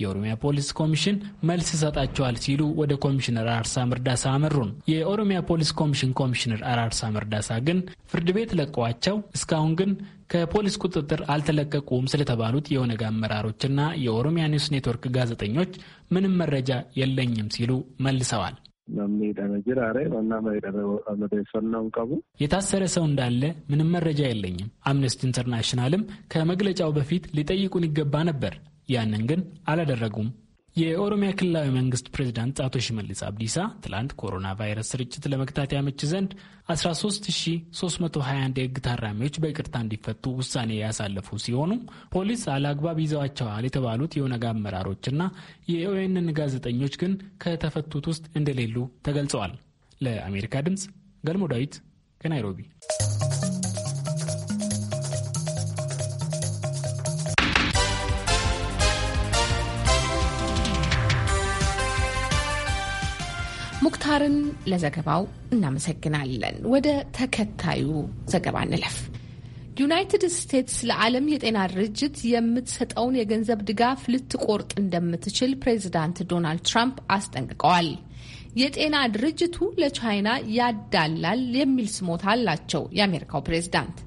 Speaker 11: የኦሮሚያ ፖሊስ ኮሚሽን መልስ ይሰጣቸዋል ሲሉ ወደ ኮሚሽነር አራርሳ መርዳሳ አመሩን። የኦሮሚያ ፖሊስ ኮሚሽን ኮሚሽነር አራርሳ መርዳሳ ግን ፍርድ ቤት ለቀዋቸው እስካሁን ግን ከፖሊስ ቁጥጥር አልተለቀቁም ስለተባሉት የኦነግ አመራሮችና የኦሮሚያ ኒውስ ኔትወርክ ጋዜጠኞች ምንም መረጃ የለኝም ሲሉ መልሰዋል። የታሰረ ሰው እንዳለ ምንም መረጃ የለኝም። አምነስቲ ኢንተርናሽናልም ከመግለጫው በፊት ሊጠይቁን ይገባ ነበር፣ ያንን ግን አላደረጉም የኦሮሚያ ክልላዊ መንግስት ፕሬዚዳንት አቶ ሽመልስ አብዲሳ ትላንት ኮሮና ቫይረስ ስርጭት ለመግታት ያመች ዘንድ 13321 የህግ ታራሚዎች በይቅርታ እንዲፈቱ ውሳኔ ያሳለፉ ሲሆኑ ፖሊስ አለአግባብ ይዘዋቸዋል የተባሉት የኦነግ አመራሮችና የኦኤንን ጋዜጠኞች ግን ከተፈቱት ውስጥ እንደሌሉ ተገልጸዋል። ለአሜሪካ ድምፅ ገልሞ ዳዊት ከናይሮቢ
Speaker 1: ሙክታርን ለዘገባው እናመሰግናለን። ወደ ተከታዩ ዘገባ እንለፍ። ዩናይትድ ስቴትስ ለዓለም የጤና ድርጅት የምትሰጠውን የገንዘብ ድጋፍ ልትቆርጥ እንደምትችል ፕሬዚዳንት ዶናልድ ትራምፕ አስጠንቅቀዋል። የጤና ድርጅቱ ለቻይና ያዳላል የሚል ስሞታ አላቸው የአሜሪካው ፕሬዚዳንት።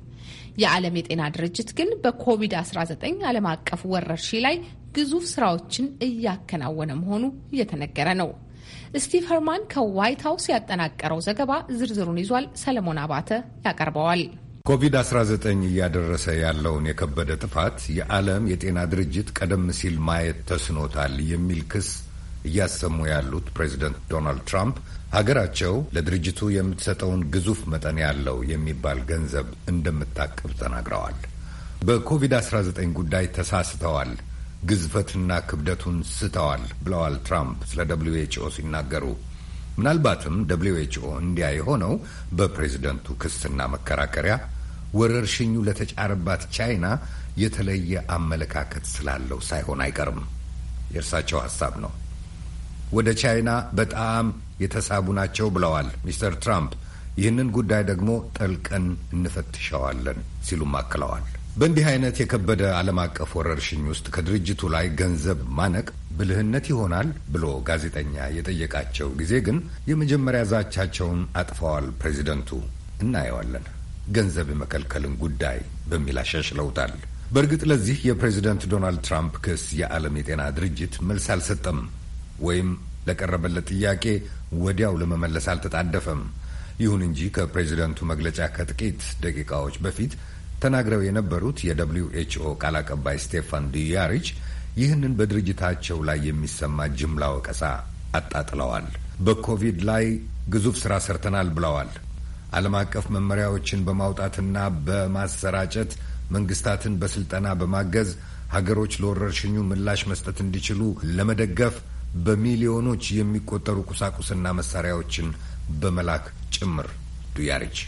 Speaker 1: የዓለም የጤና ድርጅት ግን በኮቪድ-19 ዓለም አቀፍ ወረርሺ ላይ ግዙፍ ስራዎችን እያከናወነ መሆኑ እየተነገረ ነው። ስቲቭ ሄርማን ከዋይት ሀውስ ያጠናቀረው ዘገባ ዝርዝሩን ይዟል። ሰለሞን አባተ ያቀርበዋል።
Speaker 13: ኮቪድ-19 እያደረሰ ያለውን የከበደ ጥፋት የዓለም የጤና ድርጅት ቀደም ሲል ማየት ተስኖታል የሚል ክስ እያሰሙ ያሉት ፕሬዚደንት ዶናልድ ትራምፕ ሀገራቸው ለድርጅቱ የምትሰጠውን ግዙፍ መጠን ያለው የሚባል ገንዘብ እንደምታቅብ ተናግረዋል። በኮቪድ-19 ጉዳይ ተሳስተዋል ግዝፈትና ክብደቱን ስተዋል ብለዋል ትራምፕ ስለ ደብሊው ኤችኦ ሲናገሩ። ምናልባትም ደብሊው ኤችኦ እንዲያ የሆነው በፕሬዝደንቱ ክስና መከራከሪያ ወረርሽኙ ለተጫረባት ቻይና የተለየ አመለካከት ስላለው ሳይሆን አይቀርም። የእርሳቸው ሀሳብ ነው። ወደ ቻይና በጣም የተሳቡ ናቸው ብለዋል ሚስተር ትራምፕ። ይህንን ጉዳይ ደግሞ ጠልቀን እንፈትሸዋለን ሲሉም አክለዋል። በእንዲህ አይነት የከበደ ዓለም አቀፍ ወረርሽኝ ውስጥ ከድርጅቱ ላይ ገንዘብ ማነቅ ብልህነት ይሆናል ብሎ ጋዜጠኛ የጠየቃቸው ጊዜ ግን የመጀመሪያ ዛቻቸውን አጥፈዋል ፕሬዚደንቱ። እናየዋለን ገንዘብ የመከልከልን ጉዳይ በሚል አሻሽለውታል። በእርግጥ ለዚህ የፕሬዚደንት ዶናልድ ትራምፕ ክስ የዓለም የጤና ድርጅት መልስ አልሰጠም ወይም ለቀረበለት ጥያቄ ወዲያው ለመመለስ አልተጣደፈም። ይሁን እንጂ ከፕሬዚደንቱ መግለጫ ከጥቂት ደቂቃዎች በፊት ተናግረው የነበሩት የደብሊው ኤችኦ ቃል አቀባይ ስቴፋን ዱያሪች ይህንን በድርጅታቸው ላይ የሚሰማ ጅምላ ወቀሳ አጣጥለዋል። በኮቪድ ላይ ግዙፍ ስራ ሰርተናል ብለዋል። ዓለም አቀፍ መመሪያዎችን በማውጣትና በማሰራጨት መንግስታትን በስልጠና በማገዝ ሀገሮች ለወረርሽኙ ምላሽ መስጠት እንዲችሉ ለመደገፍ በሚሊዮኖች የሚቆጠሩ ቁሳቁስና መሳሪያዎችን በመላክ ጭምር ዱያሪች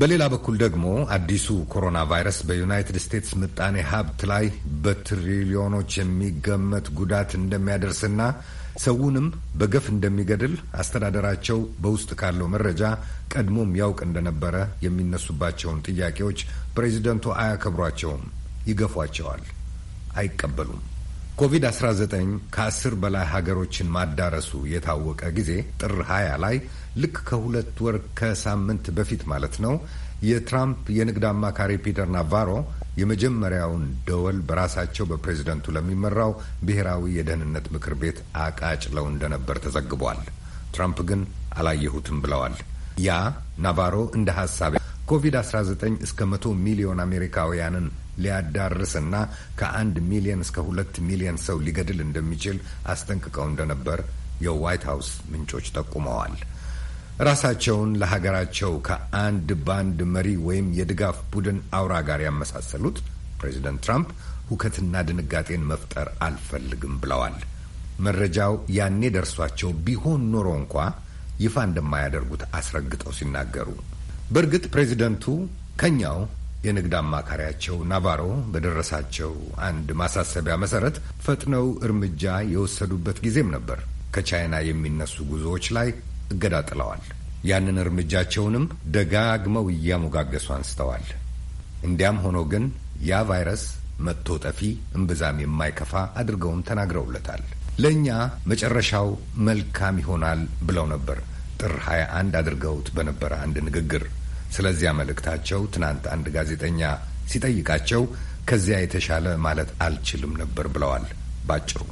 Speaker 13: በሌላ በኩል ደግሞ አዲሱ ኮሮና ቫይረስ በዩናይትድ ስቴትስ ምጣኔ ሀብት ላይ በትሪሊዮኖች የሚገመት ጉዳት እንደሚያደርስና ሰውንም በገፍ እንደሚገድል አስተዳደራቸው በውስጥ ካለው መረጃ ቀድሞም ያውቅ እንደነበረ የሚነሱባቸውን ጥያቄዎች ፕሬዚደንቱ አያከብሯቸውም፣ ይገፏቸዋል፣ አይቀበሉም። ኮቪድ-19 ከአስር በላይ ሀገሮችን ማዳረሱ የታወቀ ጊዜ ጥር 20 ላይ ልክ ከሁለት ወር ከሳምንት በፊት ማለት ነው የትራምፕ የንግድ አማካሪ ፒተር ናቫሮ የመጀመሪያውን ደወል በራሳቸው በፕሬዝደንቱ ለሚመራው ብሔራዊ የደህንነት ምክር ቤት አቃጭለው እንደነበር ተዘግቧል። ትራምፕ ግን አላየሁትም ብለዋል። ያ ናቫሮ እንደ ሀሳብ ኮቪድ-19 እስከ መቶ ሚሊዮን አሜሪካውያንን ሊያዳርስና ከአንድ ሚሊዮን እስከ ሁለት ሚሊዮን ሰው ሊገድል እንደሚችል አስጠንቅቀው እንደነበር የዋይት ሀውስ ምንጮች ጠቁመዋል። ራሳቸውን ለሀገራቸው ከአንድ ባንድ መሪ ወይም የድጋፍ ቡድን አውራ ጋር ያመሳሰሉት ፕሬዚደንት ትራምፕ ሁከትና ድንጋጤን መፍጠር አልፈልግም ብለዋል። መረጃው ያኔ ደርሷቸው ቢሆን ኖሮ እንኳ ይፋ እንደማያደርጉት አስረግጠው ሲናገሩ፣ በእርግጥ ፕሬዚደንቱ ከኛው የንግድ አማካሪያቸው ናቫሮ በደረሳቸው አንድ ማሳሰቢያ መሰረት ፈጥነው እርምጃ የወሰዱበት ጊዜም ነበር። ከቻይና የሚነሱ ጉዞዎች ላይ እገዳ ጥለዋል። ያንን እርምጃቸውንም ደጋግመው እያሞጋገሱ አንስተዋል። እንዲያም ሆኖ ግን ያ ቫይረስ መጥቶ ጠፊ እምብዛም የማይከፋ አድርገውም ተናግረውለታል። ለእኛ መጨረሻው መልካም ይሆናል ብለው ነበር ጥር 21 አድርገውት በነበረ አንድ ንግግር። ስለዚያ መልእክታቸው ትናንት አንድ ጋዜጠኛ ሲጠይቃቸው ከዚያ የተሻለ ማለት አልችልም ነበር ብለዋል ባጭሩ።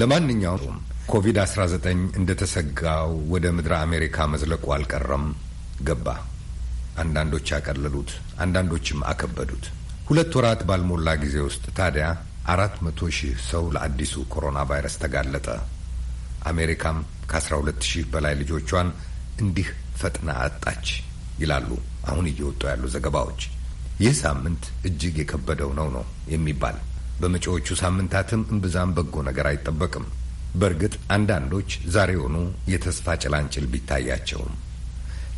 Speaker 13: ለማንኛውም ኮቪድ-19 እንደተሰጋው ወደ ምድረ አሜሪካ መዝለቁ አልቀረም፣ ገባ። አንዳንዶች አቀለሉት፣ አንዳንዶችም አከበዱት። ሁለት ወራት ባልሞላ ጊዜ ውስጥ ታዲያ አራት መቶ ሺህ ሰው ለአዲሱ ኮሮና ቫይረስ ተጋለጠ። አሜሪካም ከ12 ሺህ በላይ ልጆቿን እንዲህ ፈጥና አጣች ይላሉ አሁን እየወጡ ያሉ ዘገባዎች። ይህ ሳምንት እጅግ የከበደው ነው ነው የሚባል በመጪዎቹ ሳምንታትም እምብዛም በጎ ነገር አይጠበቅም። በእርግጥ አንዳንዶች ዛሬውኑ የተስፋ ጭላንጭል ቢታያቸውም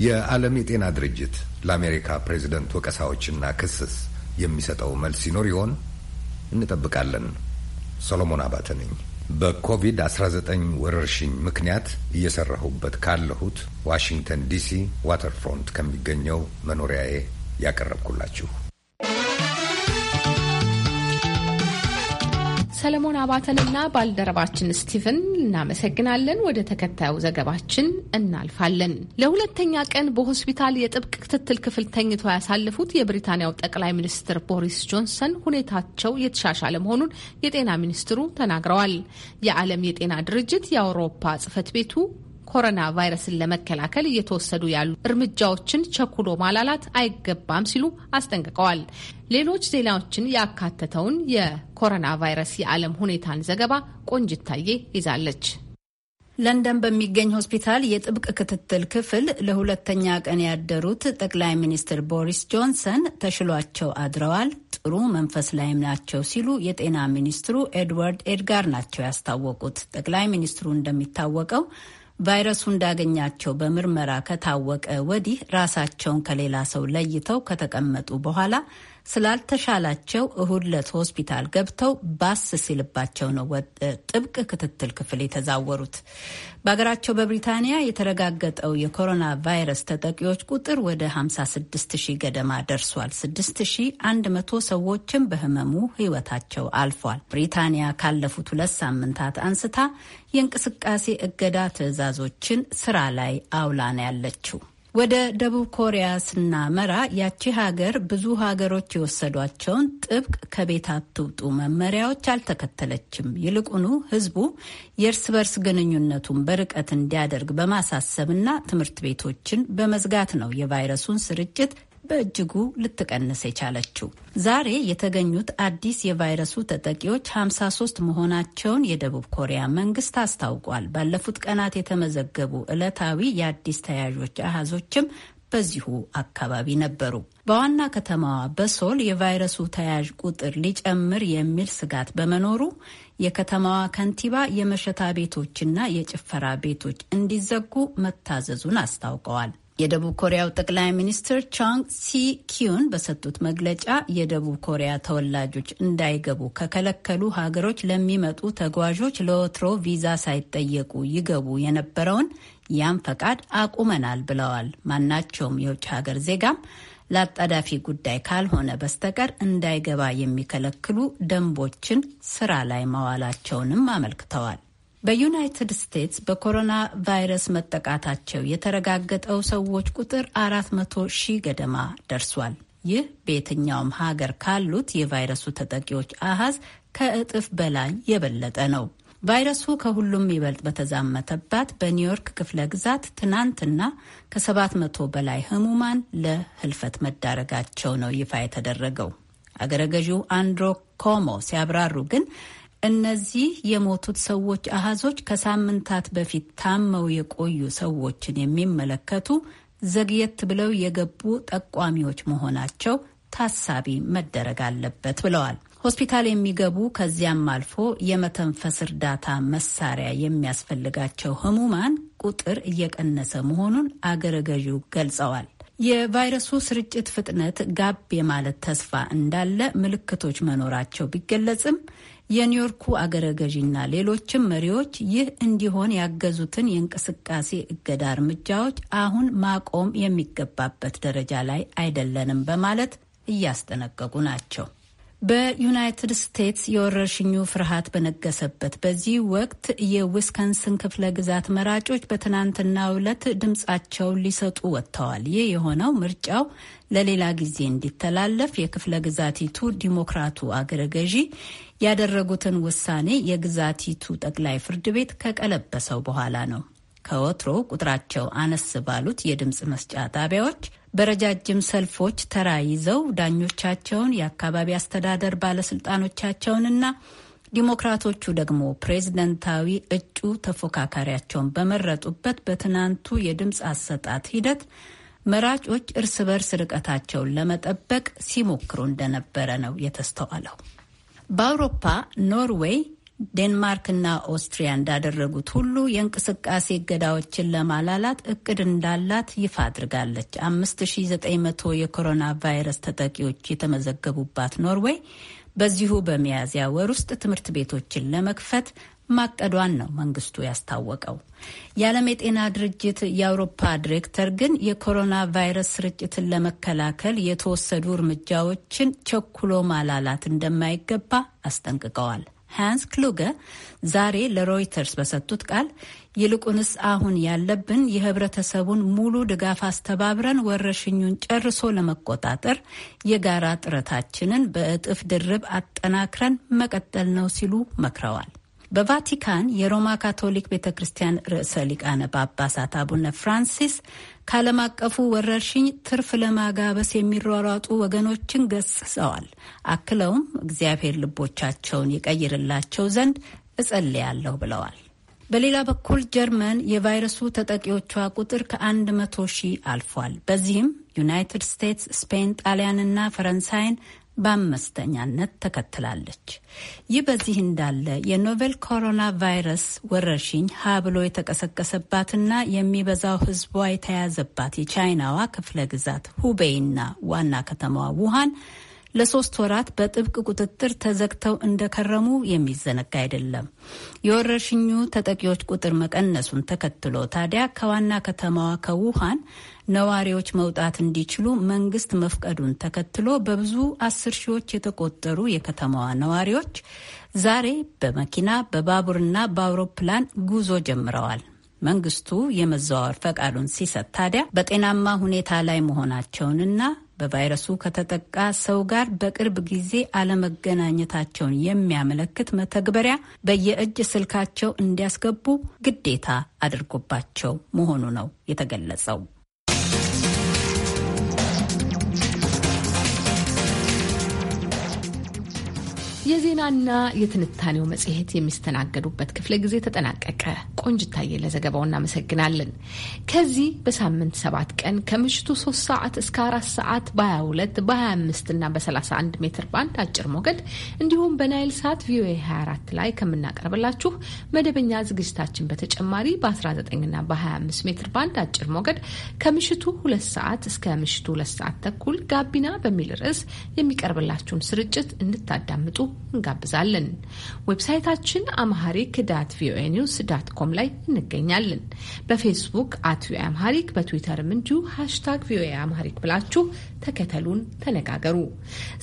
Speaker 13: የዓለም የጤና ድርጅት ለአሜሪካ ፕሬዝደንት ወቀሳዎችና ክስስ የሚሰጠው መልስ ይኖር ይሆን? እንጠብቃለን። ሰሎሞን አባተ ነኝ። በኮቪድ-19 ወረርሽኝ ምክንያት እየሰራሁበት ካለሁት ዋሽንግተን ዲሲ ዋተርፍሮንት ከሚገኘው መኖሪያዬ ያቀረብኩላችሁ
Speaker 1: ሰለሞን አባተንና ባልደረባችን ስቲቭን እናመሰግናለን። ወደ ተከታዩ ዘገባችን እናልፋለን። ለሁለተኛ ቀን በሆስፒታል የጥብቅ ክትትል ክፍል ተኝተው ያሳለፉት የብሪታንያው ጠቅላይ ሚኒስትር ቦሪስ ጆንሰን ሁኔታቸው የተሻሻለ መሆኑን የጤና ሚኒስትሩ ተናግረዋል። የዓለም የጤና ድርጅት የአውሮፓ ጽሕፈት ቤቱ ኮሮና ቫይረስን ለመከላከል እየተወሰዱ ያሉ እርምጃዎችን ቸኩሎ ማላላት አይገባም ሲሉ አስጠንቅቀዋል። ሌሎች ዜናዎችን ያካተተውን የኮሮና ቫይረስ የዓለም
Speaker 14: ሁኔታን ዘገባ ቆንጅታዬ ይዛለች። ለንደን በሚገኝ ሆስፒታል የጥብቅ ክትትል ክፍል ለሁለተኛ ቀን ያደሩት ጠቅላይ ሚኒስትር ቦሪስ ጆንሰን ተሽሏቸው አድረዋል፣ ጥሩ መንፈስ ላይም ናቸው ሲሉ የጤና ሚኒስትሩ ኤድዋርድ ኤድጋር ናቸው ያስታወቁት። ጠቅላይ ሚኒስትሩ እንደሚታወቀው ቫይረሱ እንዳገኛቸው በምርመራ ከታወቀ ወዲህ ራሳቸውን ከሌላ ሰው ለይተው ከተቀመጡ በኋላ ስላልተሻላቸው እሁድ ለት ሆስፒታል ገብተው ባስ ሲልባቸው ነው ወደ ጥብቅ ክትትል ክፍል የተዛወሩት። በሀገራቸው በብሪታንያ የተረጋገጠው የኮሮና ቫይረስ ተጠቂዎች ቁጥር ወደ 56 ሺህ ገደማ ደርሷል። 6100 ሰዎችም በህመሙ ህይወታቸው አልፏል። ብሪታንያ ካለፉት ሁለት ሳምንታት አንስታ የእንቅስቃሴ እገዳ ትዕዛዞችን ስራ ላይ አውላ ነው ያለችው። ወደ ደቡብ ኮሪያ ስናመራ ያቺ ሀገር ብዙ ሀገሮች የወሰዷቸውን ጥብቅ ከቤት አትውጡ መመሪያዎች አልተከተለችም። ይልቁኑ ሕዝቡ የእርስ በርስ ግንኙነቱን በርቀት እንዲያደርግ በማሳሰብና ትምህርት ቤቶችን በመዝጋት ነው የቫይረሱን ስርጭት በእጅጉ ልትቀንስ የቻለችው። ዛሬ የተገኙት አዲስ የቫይረሱ ተጠቂዎች 53 መሆናቸውን የደቡብ ኮሪያ መንግስት አስታውቋል። ባለፉት ቀናት የተመዘገቡ ዕለታዊ የአዲስ ተያዦች አሃዞችም በዚሁ አካባቢ ነበሩ። በዋና ከተማዋ በሶል የቫይረሱ ተያዥ ቁጥር ሊጨምር የሚል ስጋት በመኖሩ የከተማዋ ከንቲባ የመሸታ ቤቶችና የጭፈራ ቤቶች እንዲዘጉ መታዘዙን አስታውቀዋል። የደቡብ ኮሪያው ጠቅላይ ሚኒስትር ቻንግ ኪዩን በሰጡት መግለጫ የደቡብ ኮሪያ ተወላጆች እንዳይገቡ ከከለከሉ ሀገሮች ለሚመጡ ተጓዦች ለወትሮ ቪዛ ሳይጠየቁ ይገቡ የነበረውን ያም ፈቃድ አቁመናል ብለዋል። ማናቸውም የውጭ ሀገር ዜጋም ለአጣዳፊ ጉዳይ ካልሆነ በስተቀር እንዳይገባ የሚከለክሉ ደንቦችን ስራ ላይ መዋላቸውንም አመልክተዋል። በዩናይትድ ስቴትስ በኮሮና ቫይረስ መጠቃታቸው የተረጋገጠው ሰዎች ቁጥር አራት መቶ ሺህ ገደማ ደርሷል። ይህ በየትኛውም ሀገር ካሉት የቫይረሱ ተጠቂዎች አሃዝ ከእጥፍ በላይ የበለጠ ነው። ቫይረሱ ከሁሉም ይበልጥ በተዛመተባት በኒውዮርክ ክፍለ ግዛት ትናንትና ከሰባት መቶ በላይ ህሙማን ለህልፈት መዳረጋቸው ነው ይፋ የተደረገው። አገረ ገዢው አንድሮ ኮሞ ሲያብራሩ ግን እነዚህ የሞቱት ሰዎች አሃዞች ከሳምንታት በፊት ታመው የቆዩ ሰዎችን የሚመለከቱ ዘግየት ብለው የገቡ ጠቋሚዎች መሆናቸው ታሳቢ መደረግ አለበት ብለዋል። ሆስፒታል የሚገቡ ከዚያም አልፎ የመተንፈስ እርዳታ መሳሪያ የሚያስፈልጋቸው ህሙማን ቁጥር እየቀነሰ መሆኑን አገረ ገዢው ገልጸዋል። የቫይረሱ ስርጭት ፍጥነት ጋብ የማለት ተስፋ እንዳለ ምልክቶች መኖራቸው ቢገለጽም የኒውዮርኩ አገረ ገዢና ሌሎችም መሪዎች ይህ እንዲሆን ያገዙትን የእንቅስቃሴ እገዳ እርምጃዎች አሁን ማቆም የሚገባበት ደረጃ ላይ አይደለንም በማለት እያስጠነቀቁ ናቸው። በዩናይትድ ስቴትስ የወረርሽኙ ፍርሃት በነገሰበት በዚህ ወቅት የዊስከንስን ክፍለ ግዛት መራጮች በትናንትናው ዕለት ድምጻቸውን ሊሰጡ ወጥተዋል። ይህ የሆነው ምርጫው ለሌላ ጊዜ እንዲተላለፍ የክፍለ ግዛቲቱ ዲሞክራቱ አገረ ገዢ ያደረጉትን ውሳኔ የግዛቲቱ ጠቅላይ ፍርድ ቤት ከቀለበሰው በኋላ ነው። ከወትሮ ቁጥራቸው አነስ ባሉት የድምፅ መስጫ ጣቢያዎች በረጃጅም ሰልፎች ተራ ይዘው ዳኞቻቸውን፣ የአካባቢ አስተዳደር ባለስልጣኖቻቸውንና ዲሞክራቶቹ ደግሞ ፕሬዝደንታዊ እጩ ተፎካካሪያቸውን በመረጡበት በትናንቱ የድምፅ አሰጣት ሂደት መራጮች እርስ በርስ ርቀታቸውን ለመጠበቅ ሲሞክሩ እንደነበረ ነው የተስተዋለው። በአውሮፓ ኖርዌይ ዴንማርክና ኦስትሪያ እንዳደረጉት ሁሉ የእንቅስቃሴ እገዳዎችን ለማላላት እቅድ እንዳላት ይፋ አድርጋለች። 5900 የኮሮና ቫይረስ ተጠቂዎች የተመዘገቡባት ኖርዌይ በዚሁ በሚያዝያ ወር ውስጥ ትምህርት ቤቶችን ለመክፈት ማቀዷን ነው መንግስቱ ያስታወቀው። የዓለም የጤና ድርጅት የአውሮፓ ዲሬክተር ግን የኮሮና ቫይረስ ስርጭትን ለመከላከል የተወሰዱ እርምጃዎችን ቸኩሎ ማላላት እንደማይገባ አስጠንቅቀዋል። ሃንስ ክሉገ ዛሬ ለሮይተርስ በሰጡት ቃል ይልቁንስ አሁን ያለብን የህብረተሰቡን ሙሉ ድጋፍ አስተባብረን ወረሽኙን ጨርሶ ለመቆጣጠር የጋራ ጥረታችንን በእጥፍ ድርብ አጠናክረን መቀጠል ነው ሲሉ መክረዋል። በቫቲካን የሮማ ካቶሊክ ቤተ ክርስቲያን ርዕሰ ሊቃነ ጳጳሳት አቡነ ፍራንሲስ ከዓለም አቀፉ ወረርሽኝ ትርፍ ለማጋበስ የሚሯሯጡ ወገኖችን ገስጸዋል። አክለውም እግዚአብሔር ልቦቻቸውን ይቀይርላቸው ዘንድ እጸልያለሁ ብለዋል። በሌላ በኩል ጀርመን የቫይረሱ ተጠቂዎቿ ቁጥር ከአንድ መቶ ሺህ አልፏል። በዚህም ዩናይትድ ስቴትስ፣ ስፔን፣ ጣሊያንና ፈረንሳይን በአምስተኛነት ተከትላለች። ይህ በዚህ እንዳለ የኖቬል ኮሮና ቫይረስ ወረርሽኝ ሀ ብሎ የተቀሰቀሰባትና የሚበዛው ሕዝቧ የተያዘባት የቻይናዋ ክፍለ ግዛት ሁቤይና ዋና ከተማዋ ውሃን ለሶስት ወራት በጥብቅ ቁጥጥር ተዘግተው እንደከረሙ የሚዘነጋ አይደለም። የወረርሽኙ ተጠቂዎች ቁጥር መቀነሱን ተከትሎ ታዲያ ከዋና ከተማዋ ከውሃን ነዋሪዎች መውጣት እንዲችሉ መንግስት መፍቀዱን ተከትሎ በብዙ አስር ሺዎች የተቆጠሩ የከተማዋ ነዋሪዎች ዛሬ በመኪና በባቡርና በአውሮፕላን ጉዞ ጀምረዋል። መንግስቱ የመዘዋወር ፈቃዱን ሲሰጥ ታዲያ በጤናማ ሁኔታ ላይ መሆናቸውንና በቫይረሱ ከተጠቃ ሰው ጋር በቅርብ ጊዜ አለመገናኘታቸውን የሚያመለክት መተግበሪያ በየእጅ ስልካቸው እንዲያስገቡ ግዴታ አድርጎባቸው መሆኑ ነው የተገለጸው።
Speaker 1: የዜናና የትንታኔው መጽሔት የሚስተናገዱበት ክፍለ ጊዜ ተጠናቀቀ። ቆንጅታዬ ለዘገባው እናመሰግናለን። ከዚህ በሳምንት ሰባት ቀን ከምሽቱ ሶስት ሰዓት እስከ አራት ሰዓት በ22 በ25 እና በ31 ሜትር ባንድ አጭር ሞገድ እንዲሁም በናይል ሳት ቪኦኤ 24 ላይ ከምናቀርብላችሁ መደበኛ ዝግጅታችን በተጨማሪ በ19 እና በ25 ሜትር ባንድ አጭር ሞገድ ከምሽቱ ሁለት ሰዓት እስከ ምሽቱ ሁለት ሰዓት ተኩል ጋቢና በሚል ርዕስ የሚቀርብላችሁን ስርጭት እንድታዳምጡ እንጋብዛለን። ዌብሳይታችን አምሃሪክ ዳት ቪኦኤ ኒውስ ዳት ኮም ላይ እንገኛለን። በፌስቡክ አት ቪኦኤ አምሃሪክ፣ በትዊተርም እንዲሁ ሃሽታግ ቪኦኤ አምሃሪክ ብላችሁ ተከተሉን፣ ተነጋገሩ።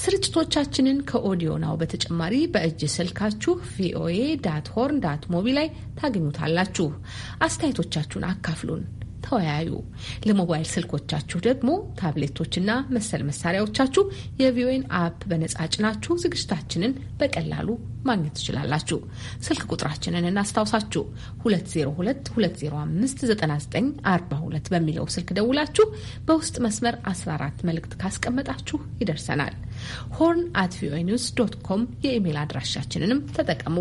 Speaker 1: ስርጭቶቻችንን ከኦዲዮ ናው በተጨማሪ በእጅ ስልካችሁ ቪኦኤ ዳት ሆርን ዳት ሞቢ ላይ ታገኙታላችሁ። አስተያየቶቻችሁን አካፍሉን። ተወያዩ። ለሞባይል ስልኮቻችሁ ደግሞ ታብሌቶችና መሰል መሳሪያዎቻችሁ የቪኦኤን አፕ በነጻ ጭናችሁ ዝግጅታችንን በቀላሉ ማግኘት ትችላላችሁ። ስልክ ቁጥራችንን እናስታውሳችሁ፣ 2022059942 በሚለው ስልክ ደውላችሁ በውስጥ መስመር 14 መልእክት ካስቀመጣችሁ ይደርሰናል። ሆርን አት ቪኦኤ ኒውስ ዶት ኮም የኢሜይል አድራሻችንንም ተጠቀሙ።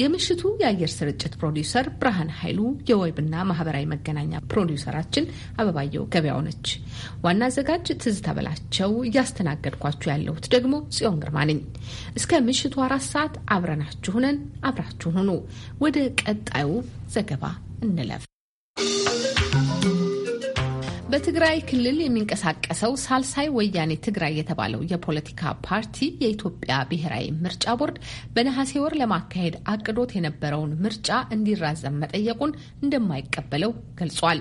Speaker 1: የምሽቱ የአየር ስርጭት ፕሮዲውሰር ብርሃን ኃይሉ፣ የወይብና ማህበራዊ መገናኛ ፕሮዲውሰራችን አበባየው ገበያው ነች። ዋና አዘጋጅ ትዝታ በላቸው፣ እያስተናገድኳችሁ ያለሁት ደግሞ ጽዮን ግርማ ነኝ። እስከ ምሽቱ አራት ሰዓት አብረናችሁ ነን። አብራችሁን ሁኑ። ወደ ቀጣዩ ዘገባ እንለፍ። በትግራይ ክልል የሚንቀሳቀሰው ሳልሳይ ወያኔ ትግራይ የተባለው የፖለቲካ ፓርቲ የኢትዮጵያ ብሔራዊ ምርጫ ቦርድ በነሐሴ ወር ለማካሄድ አቅዶት የነበረውን ምርጫ እንዲራዘም መጠየቁን እንደማይቀበለው ገልጿል።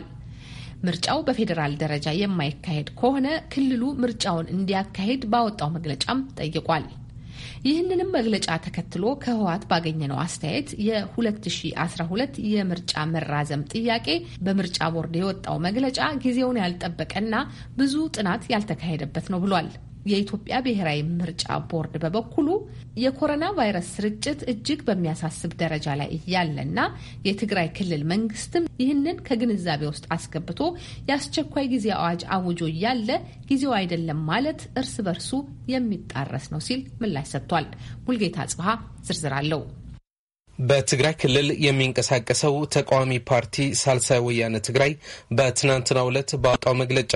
Speaker 1: ምርጫው በፌዴራል ደረጃ የማይካሄድ ከሆነ ክልሉ ምርጫውን እንዲያካሄድ ባወጣው መግለጫም ጠይቋል። ይህንንም መግለጫ ተከትሎ ከህወሓት ባገኘነው አስተያየት የ2012 የምርጫ መራዘም ጥያቄ በምርጫ ቦርድ የወጣው መግለጫ ጊዜውን ያልጠበቀና ብዙ ጥናት ያልተካሄደበት ነው ብሏል። የኢትዮጵያ ብሔራዊ ምርጫ ቦርድ በበኩሉ የኮሮና ቫይረስ ስርጭት እጅግ በሚያሳስብ ደረጃ ላይ እያለና የትግራይ ክልል መንግስትም ይህንን ከግንዛቤ ውስጥ አስገብቶ የአስቸኳይ ጊዜ አዋጅ አውጆ እያለ ጊዜው አይደለም ማለት እርስ በርሱ የሚጣረስ ነው ሲል ምላሽ ሰጥቷል። ሙልጌታ ጽብሃ ዝርዝር አለው።
Speaker 15: በትግራይ ክልል የሚንቀሳቀሰው ተቃዋሚ ፓርቲ ሳልሳይ ወያነ ትግራይ በትናንትናው ዕለት ባወጣው መግለጫ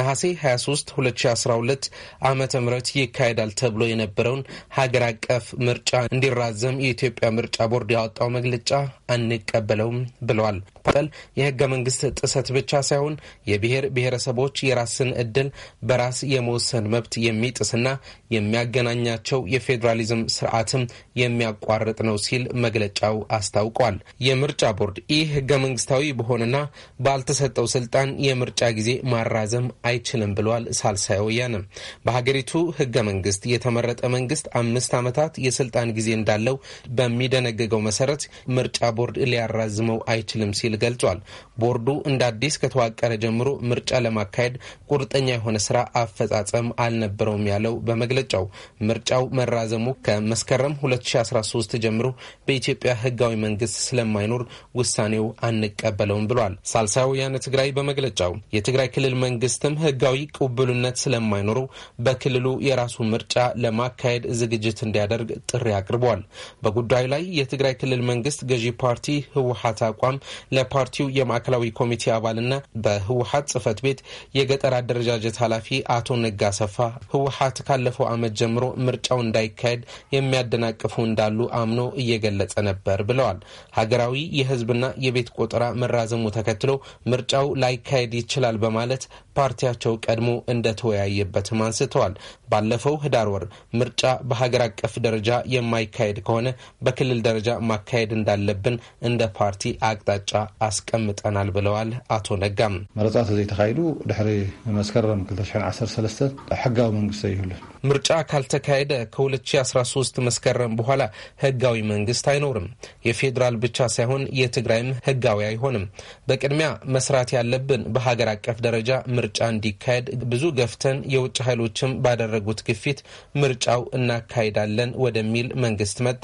Speaker 15: ነሐሴ 23 2012 ዓ ም ይካሄዳል ተብሎ የነበረውን ሀገር አቀፍ ምርጫ እንዲራዘም የኢትዮጵያ ምርጫ ቦርድ ያወጣው መግለጫ አንቀበለውም ብለዋል። መጠል የህገ መንግስት ጥሰት ብቻ ሳይሆን የብሔር ብሔረሰቦች የራስን እድል በራስ የመወሰን መብት የሚጥስና የሚያገናኛቸው የፌዴራሊዝም ስርዓትም የሚያቋርጥ ነው ሲል መግለጫው አስታውቋል። የምርጫ ቦርድ ይህ ህገ መንግስታዊ በሆነና ባልተሰጠው ስልጣን የምርጫ ጊዜ ማራዘም አይችልም ብሏል። ሳልሳይ ወያነም በሀገሪቱ ህገ መንግስት የተመረጠ መንግስት አምስት ዓመታት የስልጣን ጊዜ እንዳለው በሚደነግገው መሰረት ምርጫ ቦርድ ሊያራዝመው አይችልም ሲል ገልጿል። ቦርዱ እንደ አዲስ ከተዋቀረ ጀምሮ ምርጫ ለማካሄድ ቁርጠኛ የሆነ ስራ አፈጻጸም አልነበረውም ያለው በመግለጫው ምርጫው መራዘሙ ከመስከረም 2013 ጀምሮ በኢትዮጵያ ህጋዊ መንግስት ስለማይኖር ውሳኔው አንቀበለውም ብሏል። ሳልሳይ ወያነ ትግራይ በመግለጫው የትግራይ ክልል መንግስትም ህጋዊ ቅቡልነት ስለማይኖረው በክልሉ የራሱ ምርጫ ለማካሄድ ዝግጅት እንዲያደርግ ጥሪ አቅርቧል። በጉዳዩ ላይ የትግራይ ክልል መንግስት ገዢ ፓርቲ ህወሀት አቋም ለፓርቲው የማዕከላዊ ኮሚቴ አባልና በህወሀት ጽህፈት ቤት የገጠር አደረጃጀት ኃላፊ አቶ ነጋ ሰፋ ህወሀት ካለፈው ዓመት ጀምሮ ምርጫው እንዳይካሄድ የሚያደናቅፉ እንዳሉ አምኖ እየገለጸ ነበር ብለዋል። ሀገራዊ የህዝብና የቤት ቆጠራ መራዘሙ ተከትሎ ምርጫው ላይካሄድ ይችላል በማለት ፓርቲያቸው ቀድሞ እንደተወያየበትም አንስተዋል። ባለፈው ህዳር ወር ምርጫ በሀገር አቀፍ ደረጃ የማይካሄድ ከሆነ በክልል ደረጃ ማካሄድ እንዳለብን እንደ ፓርቲ አቅጣጫ አስቀምጠናል ብለዋል አቶ ነጋም መረፃ ተዘይተኻይዱ ድሕሪ መስከረም 213 ሕጋዊ መንግስት ይህሉን ምርጫ ካልተካሄደ ከ2013 መስከረም በኋላ ህጋዊ መንግስት አይኖርም። የፌዴራል ብቻ ሳይሆን የትግራይም ህጋዊ አይሆንም። በቅድሚያ መስራት ያለብን በሀገር አቀፍ ደረጃ ምርጫ እንዲካሄድ ብዙ ገፍተን፣ የውጭ ኃይሎችም ባደረጉት ግፊት ምርጫው እናካሄዳለን ወደሚል መንግስት መጣ።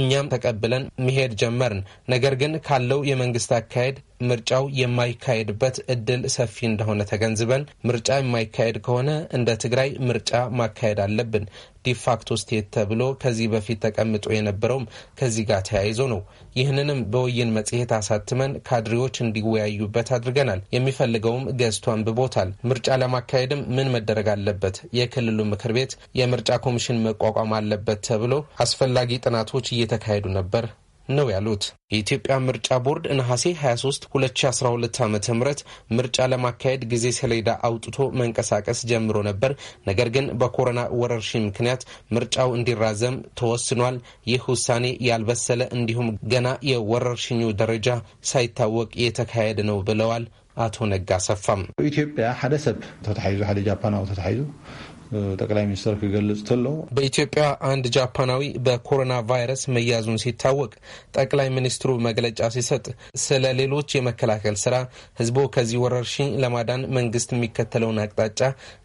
Speaker 15: እኛም ተቀብለን መሄድ ጀመርን። ነገር ግን ካለው የመንግስት አካሄድ ምርጫው የማይካሄድበት እድል ሰፊ እንደሆነ ተገንዝበን ምርጫ የማይካሄድ ከሆነ እንደ ትግራይ ምርጫ ማካሄድ ማካሄድ አለብን። ዲፋክቶ ስቴት ተብሎ ከዚህ በፊት ተቀምጦ የነበረውም ከዚህ ጋር ተያይዞ ነው። ይህንንም በወይን መጽሔት አሳትመን ካድሬዎች እንዲወያዩበት አድርገናል። የሚፈልገውም ገዝቶ አንብቦታል። ምርጫ ለማካሄድም ምን መደረግ አለበት፣ የክልሉ ምክር ቤት የምርጫ ኮሚሽን መቋቋም አለበት ተብሎ አስፈላጊ ጥናቶች እየተካሄዱ ነበር ነው ያሉት። የኢትዮጵያ ምርጫ ቦርድ ነሐሴ 23 2012 ዓ ም ምርጫ ለማካሄድ ጊዜ ሰሌዳ አውጥቶ መንቀሳቀስ ጀምሮ ነበር። ነገር ግን በኮሮና ወረርሽኝ ምክንያት ምርጫው እንዲራዘም ተወስኗል። ይህ ውሳኔ ያልበሰለ እንዲሁም ገና የወረርሽኙ ደረጃ ሳይታወቅ የተካሄደ ነው ብለዋል አቶ ነጋ ሰፋም ኢትዮጵያ ሓደ ሰብ ተተሓሒዙ ሓደ ጃፓናዊ ተተሓሒዙ ጠቅላይ ሚኒስትር ክገልጽ ተሎ በኢትዮጵያ አንድ ጃፓናዊ በኮሮና ቫይረስ መያዙን ሲታወቅ ጠቅላይ ሚኒስትሩ መግለጫ ሲሰጥ ስለ ሌሎች የመከላከል ስራ ህዝቡ ከዚህ ወረርሽኝ ለማዳን መንግስት የሚከተለውን አቅጣጫ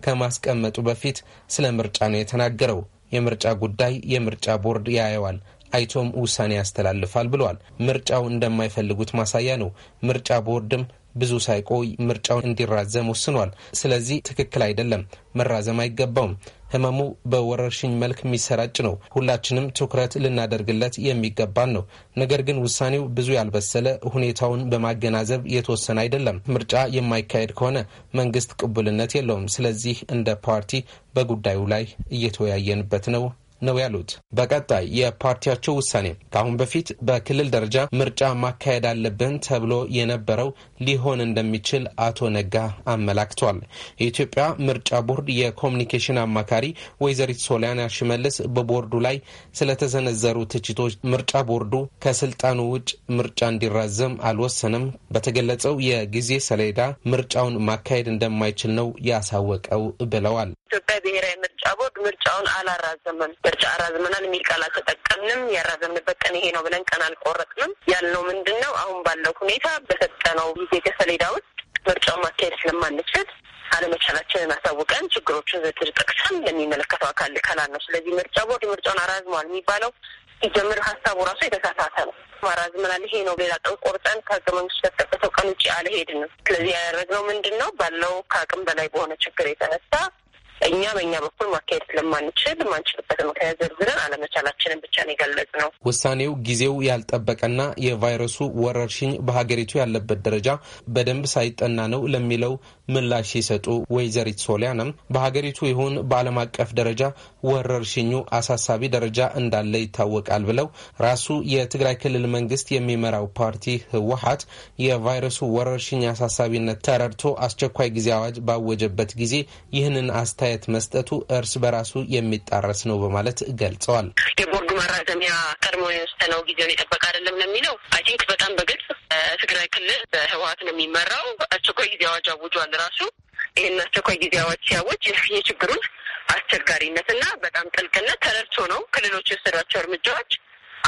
Speaker 15: ከማስቀመጡ በፊት ስለ ምርጫ ነው የተናገረው። የምርጫ ጉዳይ የምርጫ ቦርድ ያየዋል አይቶም ውሳኔ ያስተላልፋል ብለዋል። ምርጫው እንደማይፈልጉት ማሳያ ነው። ምርጫ ቦርድም ብዙ ሳይቆይ ምርጫውን እንዲራዘም ወስኗል። ስለዚህ ትክክል አይደለም፣ መራዘም አይገባውም። ህመሙ በወረርሽኝ መልክ የሚሰራጭ ነው። ሁላችንም ትኩረት ልናደርግለት የሚገባን ነው። ነገር ግን ውሳኔው ብዙ ያልበሰለ፣ ሁኔታውን በማገናዘብ የተወሰነ አይደለም። ምርጫ የማይካሄድ ከሆነ መንግስት ቅቡልነት የለውም። ስለዚህ እንደ ፓርቲ በጉዳዩ ላይ እየተወያየንበት ነው ነው ያሉት። በቀጣይ የፓርቲያቸው ውሳኔ ከአሁን በፊት በክልል ደረጃ ምርጫ ማካሄድ አለብን ተብሎ የነበረው ሊሆን እንደሚችል አቶ ነጋ አመላክቷል። የኢትዮጵያ ምርጫ ቦርድ የኮሚኒኬሽን አማካሪ ወይዘሪት ሶሊያና ሽመልስ በቦርዱ ላይ ስለተሰነዘሩ ትችቶች ምርጫ ቦርዱ ከስልጣኑ ውጭ ምርጫ እንዲራዘም አልወሰንም፣ በተገለጸው የጊዜ ሰሌዳ ምርጫውን ማካሄድ እንደማይችል ነው ያሳወቀው ብለዋል።
Speaker 16: ኢትዮጵያ ብሔራዊ ምርጫ ቦርድ ምርጫውን አላራዘምም። ምርጫ አራዝመናል የሚል ቃል አልተጠቀምንም። ያራዘምንበት ቀን ይሄ ነው ብለን ቀን አልቆረጥንም። ያልነው ምንድን ነው አሁን ባለው ሁኔታ በሰጠነው ጊዜ ሰሌዳ ውስጥ ምርጫውን ማካሄድ ስለማንችል አለመቻላችንን አሳውቀን ችግሮችን ዝርዝር ጠቅሰን ለሚመለከተው አካል ልከናል ነው። ስለዚህ ምርጫ ቦርድ ምርጫውን አራዝመዋል የሚባለው ሲጀምር ሀሳቡ ራሱ የተሳሳተ ነው። አራዝመናል ይሄ ነው ሌላ ቀን ቆርጠን ከህገ መንግስት ተጠቀሰው ቀን ውጭ አልሄድንም። ስለዚህ ያደረግነው ምንድን ነው ባለው ከአቅም በላይ በሆነ ችግር የተነሳ እኛ በእኛ በኩል ማካሄድ ስለማንችል ማንችልበት ምክንያት ዘርዝረን አለመቻላችንን ብቻ ነው የገለጽ ነው።
Speaker 15: ውሳኔው ጊዜው ያልጠበቀና የቫይረሱ ወረርሽኝ በሀገሪቱ ያለበት ደረጃ በደንብ ሳይጠና ነው ለሚለው ምላሽ ሲሰጡ ወይዘሪት ሶሊያንም በሀገሪቱ ይሁን በዓለም አቀፍ ደረጃ ወረርሽኙ አሳሳቢ ደረጃ እንዳለ ይታወቃል ብለው ራሱ የትግራይ ክልል መንግስት የሚመራው ፓርቲ ህወሀት የቫይረሱ ወረርሽኝ አሳሳቢነት ተረድቶ አስቸኳይ ጊዜ አዋጅ ባወጀበት ጊዜ ይህንን አስተያየት መስጠቱ እርስ በራሱ የሚጣረስ ነው በማለት ገልጸዋል።
Speaker 16: የቦርዱ ማራዘሚያ ቀድሞ የወሰነው ጊዜውን የጠበቀ አይደለም ነው የሚለው። አይ ቲንክ በጣም በግልጽ ትግራይ ክልል በህወሀት ነው የሚመራው። አስቸኳይ ጊዜ አዋጅ አውጇል ራሱ ይህን አስቸኳይ ጊዜ አዋጅ ሲያወጅ የችግሩን አስቸጋሪነትና በጣም ጥልቅነት ተረድቶ ነው ክልሎች የወሰዷቸው እርምጃዎች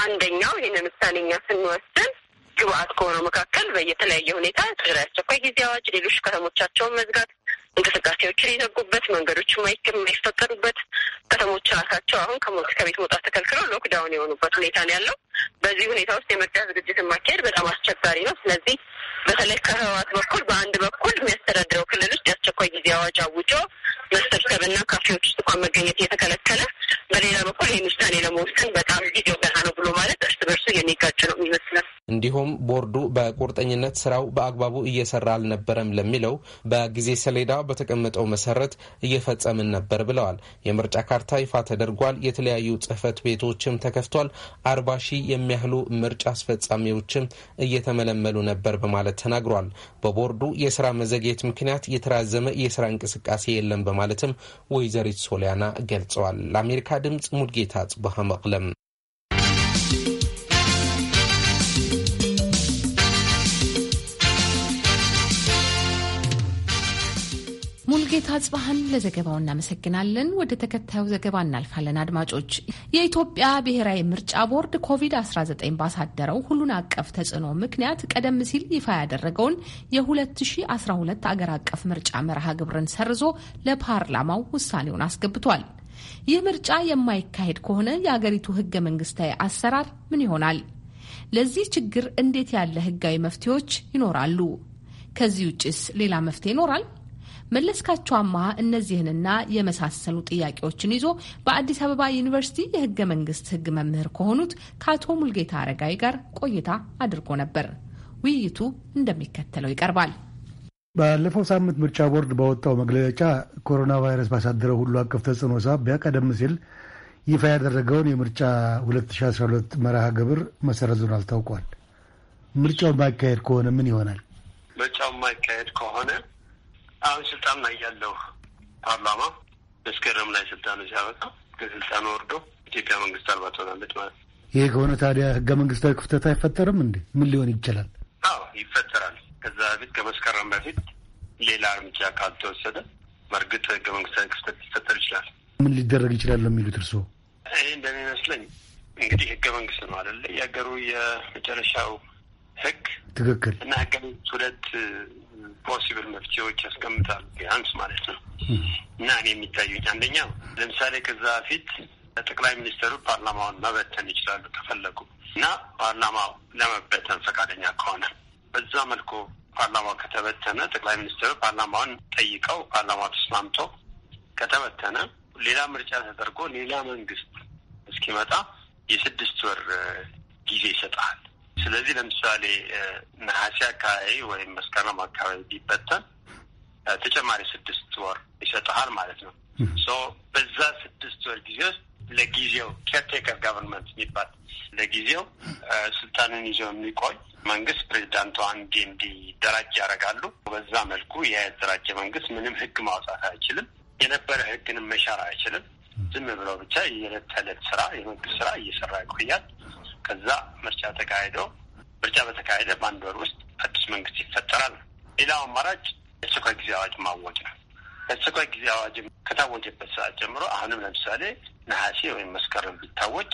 Speaker 16: አንደኛው ይህን ምሳሌኛ ስንወስድን ግብአት ከሆነው መካከል በየተለያየ ሁኔታ ትግራይ አስቸኳይ ጊዜ አዋጅ፣ ሌሎች ከተሞቻቸውን መዝጋት እንቅስቃሴዎችን የዘጉበት፣ መንገዶች የማይፈቀዱበት፣ ከተሞች ራሳቸው አሁን ከቤት መውጣት ተከልክለው ሎክዳውን የሆኑበት ሁኔታ ነው ያለው። በዚህ ሁኔታ ውስጥ የምርጫ ዝግጅትን ማካሄድ በጣም አስቸጋሪ ነው። ስለዚህ በተለይ ከህወሓት በኩል በአንድ በኩል የሚያስተዳድረው ክልሎች የአስቸኳይ ጊዜ አዋጅ አውጆ መሰብሰብ እና ካፌዎች ውስጥ እንኳን መገኘት እየተከለከለ፣ በሌላ በኩል ይህን ውሳኔ ለመወሰን በጣም ጊዜ ገና ነው ብሎ ማለት እርስ በርሱ
Speaker 15: የሚጋጭ ነው ይመስላል። እንዲሁም ቦርዱ በቁርጠኝነት ስራው በአግባቡ እየሰራ አልነበረም ለሚለው በጊዜ ሰሌዳ በተቀመጠው መሰረት እየፈጸምን ነበር ብለዋል። የምርጫ ካርታ ይፋ ተደርጓል። የተለያዩ ጽህፈት ቤቶችም ተከፍቷል። አርባ ሺህ የሚያህሉ ምርጫ አስፈጻሚዎችም እየተመለመሉ ነበር በማለት ተናግሯል። በቦርዱ የስራ መዘግየት ምክንያት የተራዘመ የስራ እንቅስቃሴ የለም በማለት በማለትም ወይዘሪት ሶሊያና ገልጸዋል። ለአሜሪካ ድምፅ ሙልጌታ ጽቡሃ መቅለም
Speaker 1: ሙልጌታ ጽባህን ለዘገባው እናመሰግናለን። ወደ ተከታዩ ዘገባ እናልፋለን። አድማጮች፣ የኢትዮጵያ ብሔራዊ ምርጫ ቦርድ ኮቪድ-19 ባሳደረው ሁሉን አቀፍ ተጽዕኖ ምክንያት ቀደም ሲል ይፋ ያደረገውን የ2012 አገር አቀፍ ምርጫ መርሃ ግብርን ሰርዞ ለፓርላማው ውሳኔውን አስገብቷል። ይህ ምርጫ የማይካሄድ ከሆነ የአገሪቱ ህገ መንግስታዊ አሰራር ምን ይሆናል? ለዚህ ችግር እንዴት ያለ ህጋዊ መፍትሄዎች ይኖራሉ? ከዚህ ውጭስ ሌላ መፍትሄ ይኖራል? መለስካቸው እነዚህንና የመሳሰሉ ጥያቄዎችን ይዞ በአዲስ አበባ ዩኒቨርሲቲ የህገ መንግስት ህግ መምህር ከሆኑት ከአቶ ሙልጌታ አረጋይ ጋር ቆይታ አድርጎ ነበር። ውይይቱ እንደሚከተለው ይቀርባል።
Speaker 10: ባለፈው ሳምንት ምርጫ ቦርድ ባወጣው መግለጫ ኮሮና ቫይረስ ባሳደረው ሁሉ አቀፍ ተጽዕኖ ሳቢያ ቀደም ሲል ይፋ ያደረገውን የምርጫ 2012 መርሃ ግብር መሰረዙን አስታውቋል። ምርጫው የማይካሄድ ከሆነ ምን ይሆናል?
Speaker 2: ምርጫው የማይካሄድ ከሆነ አሁን ስልጣን ላይ ያለው ፓርላማ መስከረም
Speaker 10: ላይ ስልጣኑ ሲያበቃ ከስልጣኑ ወርዶ ኢትዮጵያ መንግስት አልባ ትሆናለች ማለት ነው። ይህ ከሆነ ታዲያ ህገ መንግስታዊ ክፍተት አይፈጠርም እንዴ? ምን ሊሆን ይችላል?
Speaker 2: አዎ ይፈጠራል። ከዛ በፊት ከመስከረም በፊት ሌላ እርምጃ ካልተወሰደ በእርግጥ ህገ መንግስታዊ ክፍተት ሊፈጠር ይችላል።
Speaker 10: ምን ሊደረግ ይችላል ለሚሉት እርስዎ?
Speaker 2: ይህ እንደሚመስለኝ እንግዲህ ህገ መንግስት ነው አደለ የሀገሩ የመጨረሻው
Speaker 10: ህግ ትክክል
Speaker 2: እና ህገ መንግስት ሁለት ፖሲብል መፍትሄዎች ያስቀምጣሉ ቢያንስ ማለት ነው። እና እኔ የሚታዩኝ አንደኛው ለምሳሌ ከዛ በፊት ጠቅላይ ሚኒስትሩ ፓርላማውን መበተን ይችላሉ ከፈለጉ እና ፓርላማው ለመበተን ፈቃደኛ ከሆነ በዛ መልኩ ፓርላማው ከተበተነ ጠቅላይ ሚኒስትሩ ፓርላማውን ጠይቀው ፓርላማው ተስማምቶ ከተበተነ ሌላ ምርጫ ተደርጎ ሌላ መንግስት እስኪመጣ የስድስት ወር ጊዜ ይሰጣል። ስለዚህ ለምሳሌ ነሐሴ አካባቢ ወይም መስከረም አካባቢ ቢበተን ተጨማሪ ስድስት ወር ይሰጠሃል ማለት ነው። በዛ ስድስት ወር ጊዜ ውስጥ ለጊዜው ኬርቴከር ጋቨርንመንት የሚባል ለጊዜው ስልጣንን ይዘው የሚቆይ መንግስት ፕሬዚዳንቱ አንዴ እንዲደራጅ ያደርጋሉ። በዛ መልኩ የተደራጀ መንግስት ምንም ህግ ማውጣት አይችልም። የነበረ ህግንም መሻር አይችልም። ዝም ብለው ብቻ የዕለት ተዕለት ስራ የመንግስት ስራ እየሰራ ይቆያል። ከዛ ምርጫ ተካሄዶ ምርጫ በተካሄደ በአንድ ወር ውስጥ አዲስ መንግስት ይፈጠራል። ሌላው አማራጭ የአስቸኳይ ጊዜ አዋጅ ማወጅ ነው። የአስቸኳይ ጊዜ አዋጅ ከታወጀበት ሰዓት ጀምሮ አሁንም ለምሳሌ ነሐሴ ወይም መስከረም ቢታወጅ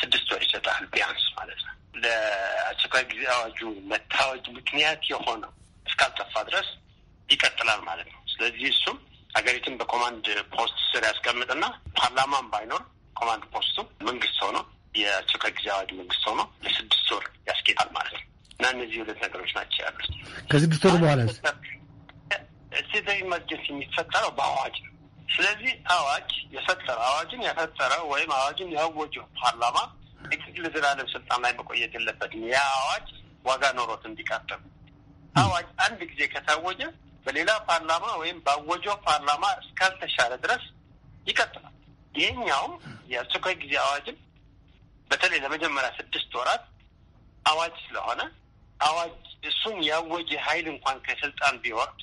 Speaker 2: ስድስት ወር ይሰጣል ቢያንስ ማለት ነው። ለአስቸኳይ ጊዜ አዋጁ መታወጅ ምክንያት የሆነው እስካልጠፋ ድረስ ይቀጥላል ማለት ነው። ስለዚህ እሱም ሀገሪቱን በኮማንድ ፖስት ስር ያስቀምጥና ፓርላማን ባይኖር ኮማንድ ፖስቱ መንግስት ሆኖ የስከ ጊዜ አዋጅ መንግስት
Speaker 10: ሆኖ ለስድስት ወር ያስጌጣል ማለት ነው እና እነዚህ ሁለት ነገሮች ናቸው ያሉት። ከስድስት ወር በኋላ
Speaker 2: ስቴታዊ ኢመርጀንሲ የሚፈጠረው በአዋጅ ነው። ስለዚህ አዋጅ የፈጠረ አዋጅን የፈጠረ ወይም አዋጅን ያወጀው ፓርላማ የግድ ለዘላለም ስልጣን ላይ መቆየት የለበትም። ያ አዋጅ ዋጋ ኖሮት እንዲቀጥም አዋጅ አንድ ጊዜ ከታወጀ በሌላ ፓርላማ ወይም ባወጀው ፓርላማ እስካልተሻለ ድረስ ይቀጥላል። ይህኛውም የአስቸኳይ ጊዜ አዋጅም በተለይ ለመጀመሪያ ስድስት ወራት አዋጅ ስለሆነ አዋጅ እሱም ያወጀ ኃይል እንኳን ከስልጣን ቢወርድ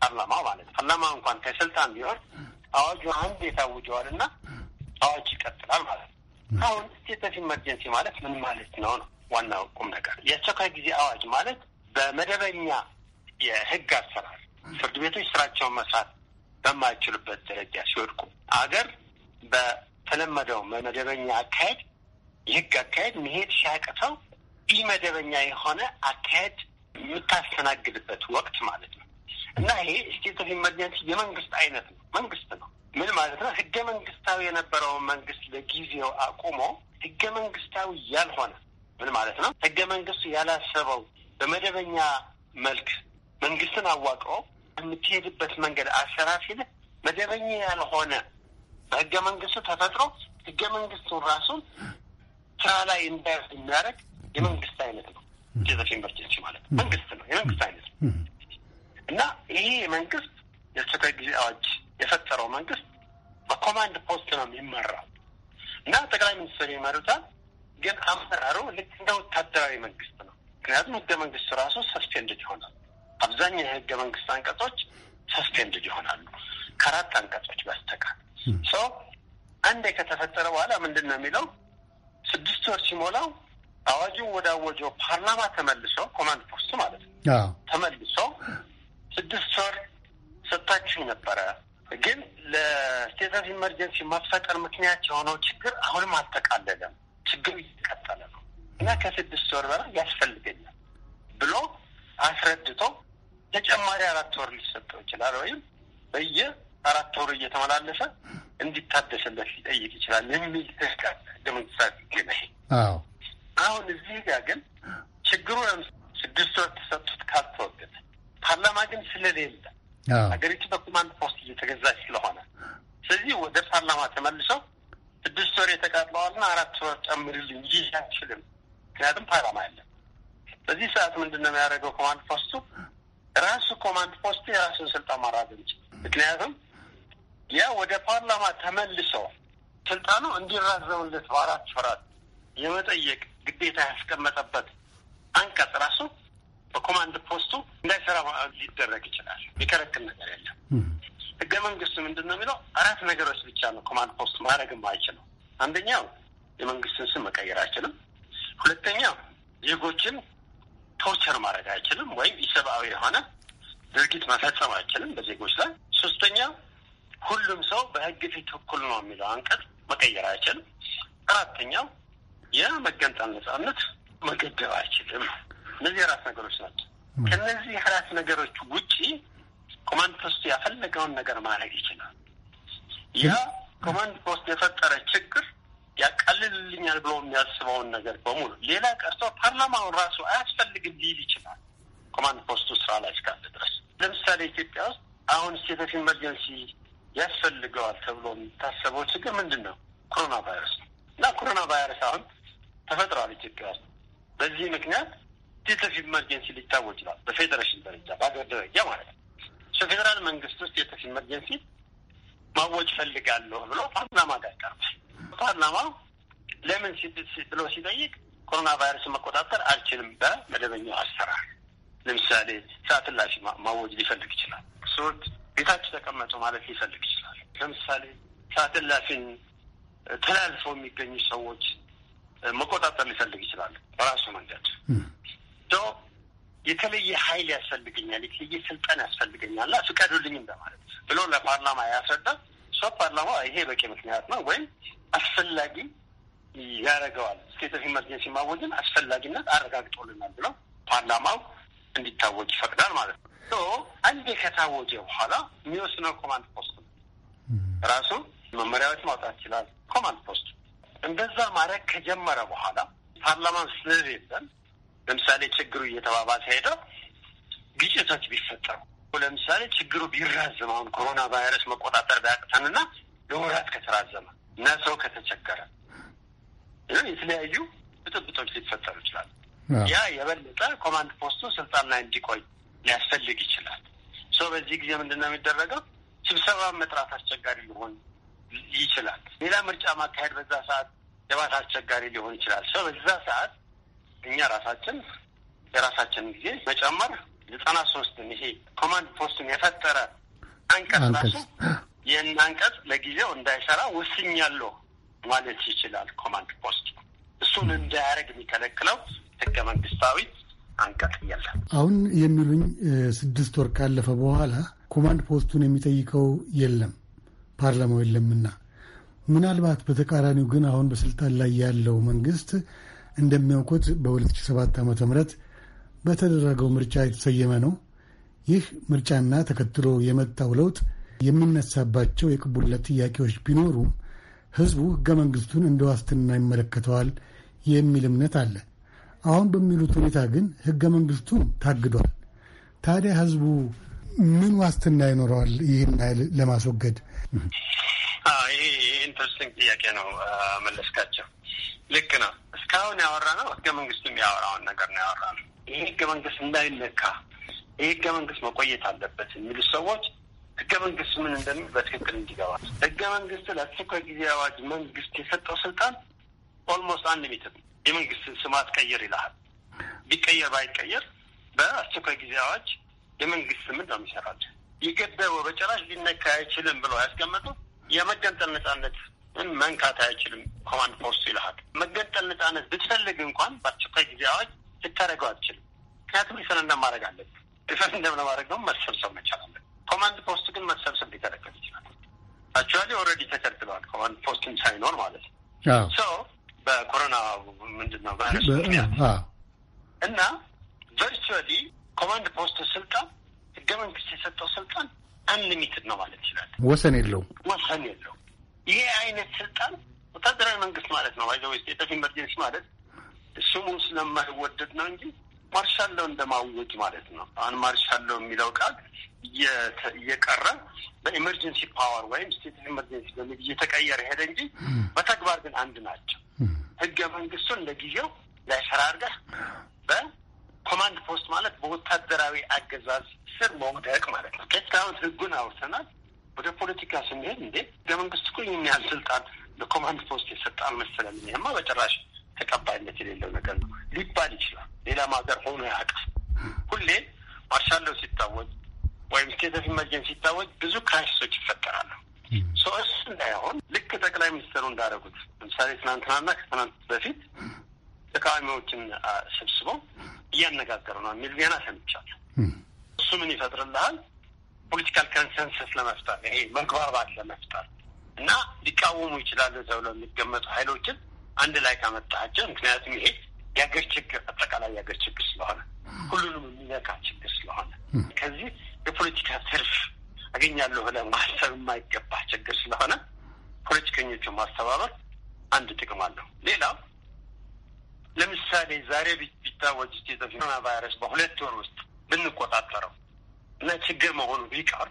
Speaker 2: ፓርላማ ማለት ፓርላማ እንኳን ከስልጣን ቢወርድ አዋጁ አንድ የታውጀዋል እና አዋጅ ይቀጥላል ማለት ነው። አሁን ስቴት ኦፍ ኢመርጀንሲ ማለት ምን ማለት ነው ነው ዋናው ቁም ነገር። የአስቸኳይ ጊዜ አዋጅ ማለት በመደበኛ የህግ አሰራር ፍርድ ቤቶች ስራቸውን መስራት በማይችሉበት ደረጃ ሲወድቁ አገር በተለመደው መደበኛ አካሄድ የህግ አካሄድ መሄድ ሲያቅተው ኢመደበኛ የሆነ አካሄድ የምታስተናግድበት ወቅት ማለት ነው እና ይሄ ስቴት ኦፍ ኢመርጀንሲ የመንግስት አይነት ነው። መንግስት ነው ምን ማለት ነው? ህገ መንግስታዊ የነበረውን መንግስት ለጊዜው አቁሞ ህገ መንግስታዊ ያልሆነ ምን ማለት ነው? ህገ መንግስቱ ያላሰበው በመደበኛ መልክ መንግስትን አዋቅሮ የምትሄድበት መንገድ አሰራፊ ሲልህ መደበኛ ያልሆነ በህገ መንግስቱ ተፈጥሮ ህገ መንግስቱን ራሱን ስራ ላይ እንዳያ የሚያደርግ የመንግስት አይነት ነው። ዴዘፍ ኤመርጀንሲ ማለት መንግስት ነው፣ የመንግስት አይነት ነው እና ይሄ መንግስት የአስቸኳይ ጊዜ አዋጅ የፈጠረው መንግስት በኮማንድ ፖስት ነው የሚመራው እና ጠቅላይ ሚኒስትር ይመሩታል። ግን አመራሩ ልክ እንደ ወታደራዊ መንግስት ነው። ምክንያቱም ህገ መንግስቱ ራሱ ሰስፔንድድ ይሆናል። አብዛኛው የህገ መንግስት አንቀጾች ሰስፔንድድ ይሆናሉ ከአራት አንቀጾች በስተቀር። ሰው አንዴ ከተፈጠረ በኋላ ምንድን ነው የሚለው ስድስት ወር ሲሞላው አዋጅው ወደ አወጀው ፓርላማ ተመልሶ ኮማንድ ፖስቱ ማለት ነው ተመልሶ ስድስት ወር ሰጥታችሁ ነበረ፣ ግን ለስቴት ኦፍ ኢመርጀንሲ መፈጠር ምክንያት የሆነው ችግር አሁንም አልተቃለለም፣ ችግሩ እየቀጠለ ነው እና ከስድስት ወር በላይ ያስፈልገኛል ብሎ አስረድቶ ተጨማሪ አራት ወር ሊሰጠው ይችላል ወይም በየ አራት ወሩ እየተመላለሰ
Speaker 10: እንዲታደሰለት ሊጠይቅ ይችላል የሚል ትህቃል ህገ መንግስታት ይገናል።
Speaker 2: አሁን እዚህ ጋ ግን ችግሩ ስድስት ወር ተሰጡት ካልተወገደ ፓርላማ ግን ስለሌለ ሀገሪቱ በኮማንድ ፖስት እየተገዛች ስለሆነ ስለዚህ ወደ ፓርላማ ተመልሰው ስድስት ወር የተቃጥለዋልና አራት ወር ጨምርልኝ ይህ አይችልም። ምክንያቱም ፓርላማ ያለ በዚህ ሰዓት ምንድን ነው የሚያደርገው? ኮማንድ ፖስቱ ራሱ ኮማንድ ፖስቱ የራሱን ስልጣን ማራዘም ይችላል። ምክንያቱም ያ ወደ ፓርላማ ተመልሶ ስልጣኑ እንዲራዘምለት በአራት ወራት የመጠየቅ ግዴታ ያስቀመጠበት አንቀጽ ራሱ በኮማንድ ፖስቱ እንዳይሰራ ሊደረግ ይችላል። የሚከለክል ነገር የለም። ህገ መንግስቱ ምንድን ነው የሚለው? አራት ነገሮች ብቻ ነው ኮማንድ ፖስት ማድረግም አይችለው። አንደኛው የመንግስትን ስም መቀየር አይችልም። ሁለተኛው ዜጎችን ቶርቸር ማድረግ አይችልም፣ ወይም ኢሰብአዊ የሆነ ድርጊት መፈጸም አይችልም በዜጎች ላይ። ሶስተኛው ሁሉም ሰው በህግ ፊት እኩል ነው የሚለው አንቀጽ መቀየር አይችልም። አራተኛው የመገንጠል ነጻነት መገደብ አይችልም። እነዚህ አራት ነገሮች ናቸው። ከእነዚህ አራት ነገሮች ውጪ ኮማንድ ፖስት ያፈለገውን ነገር ማድረግ ይችላል። ያ ኮማንድ ፖስት የፈጠረ ችግር ያቀልልልኛል ብሎ የሚያስበውን ነገር በሙሉ ሌላ ቀርቶ ፓርላማውን ራሱ አያስፈልግም ሊል ይችላል። ኮማንድ ፖስቱ ስራ ላይ እስካለ ድረስ ለምሳሌ ኢትዮጵያ ውስጥ አሁን ስቴት ኦፍ ኢመርጀንሲ ያስፈልገዋል ተብሎ የሚታሰበው ችግር ምንድን ነው? ኮሮና ቫይረስ ነው እና ኮሮና ቫይረስ አሁን ተፈጥሯል ኢትዮጵያ ውስጥ። በዚህ ምክንያት ስቴት ኦፍ ኢመርጀንሲ ሊታወጅ ይችላል፣ በፌዴሬሽን ደረጃ በሀገር ደረጃ ማለት ነው። ፌዴራል መንግስት ውስጥ ስቴት ኦፍ ኢመርጀንሲ ማወጅ ፈልጋለሁ ብሎ ፓርላማ ጋር ቀርቧል። ፓርላማ ለምን ብሎ ሲጠይቅ ኮሮና ቫይረስን መቆጣጠር አልችልም በመደበኛው አሰራር ለምሳሌ ሰዓት ማወጅ ሊፈልግ ይችላል። ቤታቸው ተቀመጡ ማለት ሊፈልግ ይችላል። ለምሳሌ ሰዓት እላፊን ተላልፈው የሚገኙ ሰዎች መቆጣጠር ሊፈልግ ይችላል። በራሱ መንገድ ዶ የተለየ ኃይል ያስፈልገኛል፣ የተለየ ስልጠን ያስፈልገኛል እና ፍቀዱልኝ እንደማለት ብሎ ለፓርላማ ያስረዳ እሷ ፓርላማ ይሄ በቂ ምክንያት ነው ወይም አስፈላጊ ያደረገዋል ስቴት ኦፍ ኢመርጀንሲ ማወጅን አስፈላጊነት አረጋግጦልናል ብለው ፓርላማው እንዲታወቅ ይፈቅዳል ማለት ነው። አንዴ ከታወጀ በኋላ የሚወስነው ኮማንድ ፖስት ነው። ራሱ መመሪያዎች ማውጣት ይችላል ኮማንድ ፖስት። እንደዛ ማድረግ ከጀመረ በኋላ ፓርላማን ስለሌለን ለምሳሌ ችግሩ እየተባባሰ ሄደ፣ ግጭቶች ቢፈጠሩ ለምሳሌ ችግሩ ቢራዘም አሁን ኮሮና ቫይረስ መቆጣጠር ቢያቅተንና ለወራት ከተራዘመ እና ሰው ከተቸገረ የተለያዩ ብጥብጦች ሊፈጠሩ ይችላል። ያ የበለጠ ኮማንድ ፖስቱ ስልጣን ላይ እንዲቆይ ሊያስፈልግ ይችላል። ሰው በዚህ ጊዜ ምንድን ነው የሚደረገው? ስብሰባ መጥራት አስቸጋሪ ሊሆን ይችላል። ሌላ ምርጫ ማካሄድ በዛ ሰዓት ደባት አስቸጋሪ ሊሆን ይችላል። ሰው በዛ ሰዓት እኛ ራሳችን የራሳችን ጊዜ መጨመር ዘጠና ሶስትን ይሄ ኮማንድ ፖስትን የፈጠረ አንቀጽ ራሱ ይህን አንቀጽ ለጊዜው እንዳይሰራ ውስኛለሁ ማለት ይችላል። ኮማንድ ፖስት እሱን እንዳያደርግ የሚከለክለው ህገ መንግስታዊ
Speaker 10: አንቀጽ የለም። አሁን የሚሉኝ ስድስት ወር ካለፈ በኋላ ኮማንድ ፖስቱን የሚጠይቀው የለም፣ ፓርላማው የለምና። ምናልባት በተቃራኒው ግን አሁን በስልጣን ላይ ያለው መንግስት እንደሚያውቁት በ2007 ዓ.ም በተደረገው ምርጫ የተሰየመ ነው። ይህ ምርጫና ተከትሎ የመጣው ለውጥ የሚነሳባቸው የቅቡለት ጥያቄዎች ቢኖሩም ህዝቡ ህገ መንግስቱን እንደ ዋስትና ይመለከተዋል የሚል እምነት አለ። አሁን በሚሉት ሁኔታ ግን ህገ መንግስቱም ታግዷል። ታዲያ ህዝቡ ምን ዋስትና ይኖረዋል? ይህን ኃይል ለማስወገድ
Speaker 2: ይህ ኢንትረስቲንግ ጥያቄ ነው መለስካቸው። ልክ ነው። እስካሁን ያወራ ነው ህገ መንግስቱ የሚያወራውን ነገር ነው ያወራ ነው። ይህ ህገ መንግስት እንዳይለካ ይህ ህገ መንግስት መቆየት አለበት የሚሉ ሰዎች ህገ መንግስት ምን እንደሚል በትክክል እንዲገባ ህገ መንግስት ለአስቸኳይ ጊዜ አዋጅ መንግስት የሰጠው ስልጣን ኦልሞስት አንድ ሚትር ነው። የመንግስት ስም አትቀይር ይልሃል። ቢቀየር ባይቀየር በአስቸኳይ ጊዜ አዋጅ የመንግስት ስምን ነው የሚሰራል። ይገደበው በጭራሽ ሊነካ አይችልም ብለው ያስቀመጡ የመገንጠል ነጻነት መንካት አይችልም ኮማንድ ፖስቱ ይልሃል። መገንጠል ነጻነት ብትፈልግ እንኳን በአስቸኳይ ጊዜ አዋጅ ልታደርገው አትችልም። ምክንያቱም ሪፈን እንደማድረግ አለ ሪፈን እንደምለማድረግ ደግሞ መሰብሰብ መቻል አለ። ኮማንድ ፖስቱ ግን መሰብሰብ ሊተረከብ ይችላል። አክቹዋሊ ኦልሬዲ ተከትለዋል። ኮማንድ ፖስቱም ሳይኖር ማለት ነው። ሶ ምንድን ነው ቫይረስ እና ቨርቹዋሊ ኮማንድ ፖስቱ ስልጣን ህገ መንግስት የሰጠው ስልጣን አንሊሚትድ ነው ማለት
Speaker 10: ይችላል። ወሰን የለው ወሰን የለው። ይሄ አይነት ስልጣን ወታደራዊ
Speaker 2: መንግስት ማለት ነው። ባይዘ ስቴት ኦፍ ኢመርጀንሲ ማለት ስሙ ስለማይወደድ ነው እንጂ ማርሻለው እንደማወጅ ማለት ነው። አሁን ማርሻለው የሚለው ቃል እየቀረ በኢመርጀንሲ ፓወር ወይም ስቴት ኦፍ ኢመርጀንሲ በሚል እየተቀየረ ሄደ እንጂ በተግባር ግን አንድ ናቸው። ህገ መንግስቱን ለጊዜው ለስራ አድርገህ በኮማንድ ፖስት ማለት በወታደራዊ አገዛዝ ስር መውደቅ ማለት ነው። ከታሁን ህጉን አውርተናል። ወደ ፖለቲካ ስንሄድ እንዴ ህገ መንግስት እኮ ይህን ያህል ስልጣን ለኮማንድ ፖስት የሰጣል መሰለን። ይህማ በጭራሽ ተቀባይነት የሌለው ነገር ነው ሊባል ይችላል። ሌላም ሀገር ሆኖ ያውቃል። ሁሌ ማርሻለው ሲታወጅ ወይም ስቴት ኦፍ ኢመርጀንሲ ሲታወጅ ብዙ ክራይሲሶች ይፈጠራሉ። ሰዎች እንዳይሆን ልክ ጠቅላይ ሚኒስትሩ እንዳደረጉት ለምሳሌ ትናንትናና ከትናንት በፊት ተቃዋሚዎችን ሰብስበው እያነጋገሩ ነው የሚል ዜና ሰምቻለሁ። እሱ ምን ይፈጥርልሃል? ፖለቲካል ኮንሰንሰስ ለመፍጠር ይሄ መግባባት ለመፍጠር እና ሊቃወሙ ይችላሉ ተብሎ የሚገመጡ ኃይሎችን አንድ ላይ ካመጣቸው፣ ምክንያቱም ይሄ የአገር ችግር አጠቃላይ የአገር ችግር ስለሆነ ሁሉንም የሚነካ ችግር ስለሆነ ከዚህ የፖለቲካ ትርፍ አገኛለሁ ብለህ ማሰብ የማይገባ ችግር ስለሆነ ፖለቲከኞቹን ማስተባበር አንድ ጥቅም አለው። ሌላው ለምሳሌ ዛሬ ቢታወጅ ኮሮና ቫይረስ በሁለት ወር ውስጥ ብንቆጣጠረው እና ችግር መሆኑ ቢቀር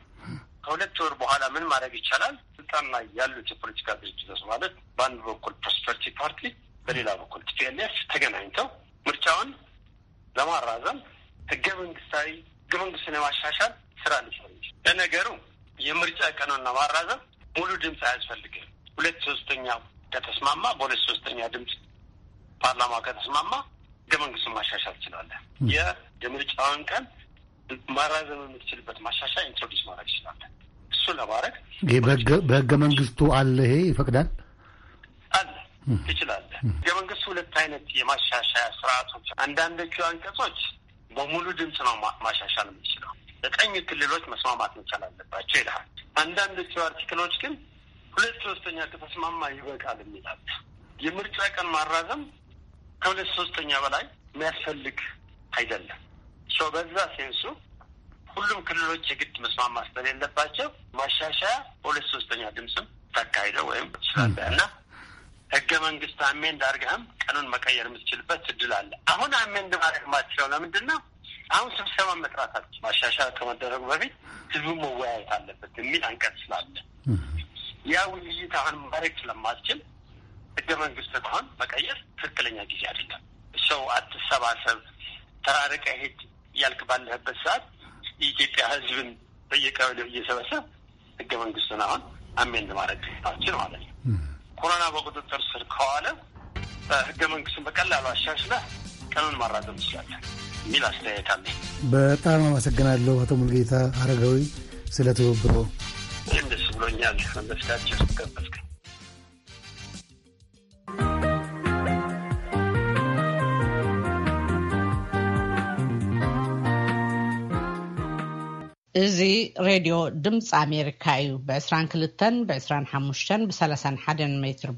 Speaker 2: ከሁለት ወር በኋላ ምን ማድረግ ይቻላል? ስልጣን ላይ ያሉት የፖለቲካ ድርጅቶች ማለት በአንድ በኩል ፕሮስፐርቲ ፓርቲ፣ በሌላ በኩል ቲፒኤልኤፍ ተገናኝተው ምርጫውን ለማራዘም ህገ መንግስታዊ ህገ ለማሻሻል የማሻሻል ስራ ሊሰሩ ለነገሩ የምርጫ ቀኑን ማራዘም ሙሉ ድምፅ አያስፈልግም። ሁለት ሶስተኛ ከተስማማ በሁለት ሶስተኛ ድምፅ ፓርላማ ከተስማማ ህገ መንግስቱን ማሻሻል ትችላለህ። የምርጫውን ቀን ማራዘም የምትችልበት ማሻሻያ ኢንትሮዲስ ማድረግ ይችላለ። እሱ ለማድረግ
Speaker 10: በህገ መንግስቱ አለ፣ ይሄ ይፈቅዳል
Speaker 2: አለ ትችላለህ። ህገ መንግስቱ ሁለት አይነት የማሻሻያ ስርዓቶች፣ አንዳንዶቹ አንቀጾች በሙሉ ድምፅ ነው ማሻሻል የሚችለው። ዘጠኝ ክልሎች መስማማት መቻል አለባቸው ይልሃል። አንዳንዶቹ አርቲክሎች ግን ሁለት ሶስተኛ ከተስማማ ይበቃል የሚላል። የምርጫ ቀን ማራዘም ከሁለት ሶስተኛ በላይ የሚያስፈልግ አይደለም። ሶ በዛ ሴንሱ ሁሉም ክልሎች የግድ መስማማት ስለሌለባቸው ማሻሻያ በሁለት ሶስተኛ ድምፅም ተካሂደው ወይም ስላለ እና ህገ መንግስት አሜንድ አድርገህም ቀኑን መቀየር የምትችልበት እድል አለ። አሁን አሜንድ ማድረግ ማትችለው ለምንድን ነው? አሁን ስብሰባ መጥራት አለች። ማሻሻያ ከመደረጉ በፊት ህዝቡ መወያየት አለበት የሚል አንቀጽ ስላለ ያ ውይይት አሁን ማድረግ ስለማትችል ህገ መንግስት ከሆን መቀየር ትክክለኛ ጊዜ አይደለም። ሰው አትሰባሰብ፣ ተራርቀ ሄድ ያልክ ባለህበት ሰዓት የኢትዮጵያ ህዝብን በየቀበሌው እየሰበሰብ ህገ መንግስቱን አሁን አሜንድ ማድረግ ማለት ነው። ኮሮና በቁጥጥር ስር ከዋለ ህገ መንግስትን በቀላሉ አሻሽለ ቀኑን ማራዘም ይችላለን የሚል አስተያየት አለ።
Speaker 10: በጣም አመሰግናለሁ አቶ ሙልጌታ አረጋዊ ስለ ትብብሮ።
Speaker 2: ይህም ደስ ብሎኛል። መስታቸው ስጠበስከ
Speaker 1: እዚ ሬድዮ ድምፂ ኣሜሪካ እዩ ብ22 ብ 25 ብ 31 ሜትር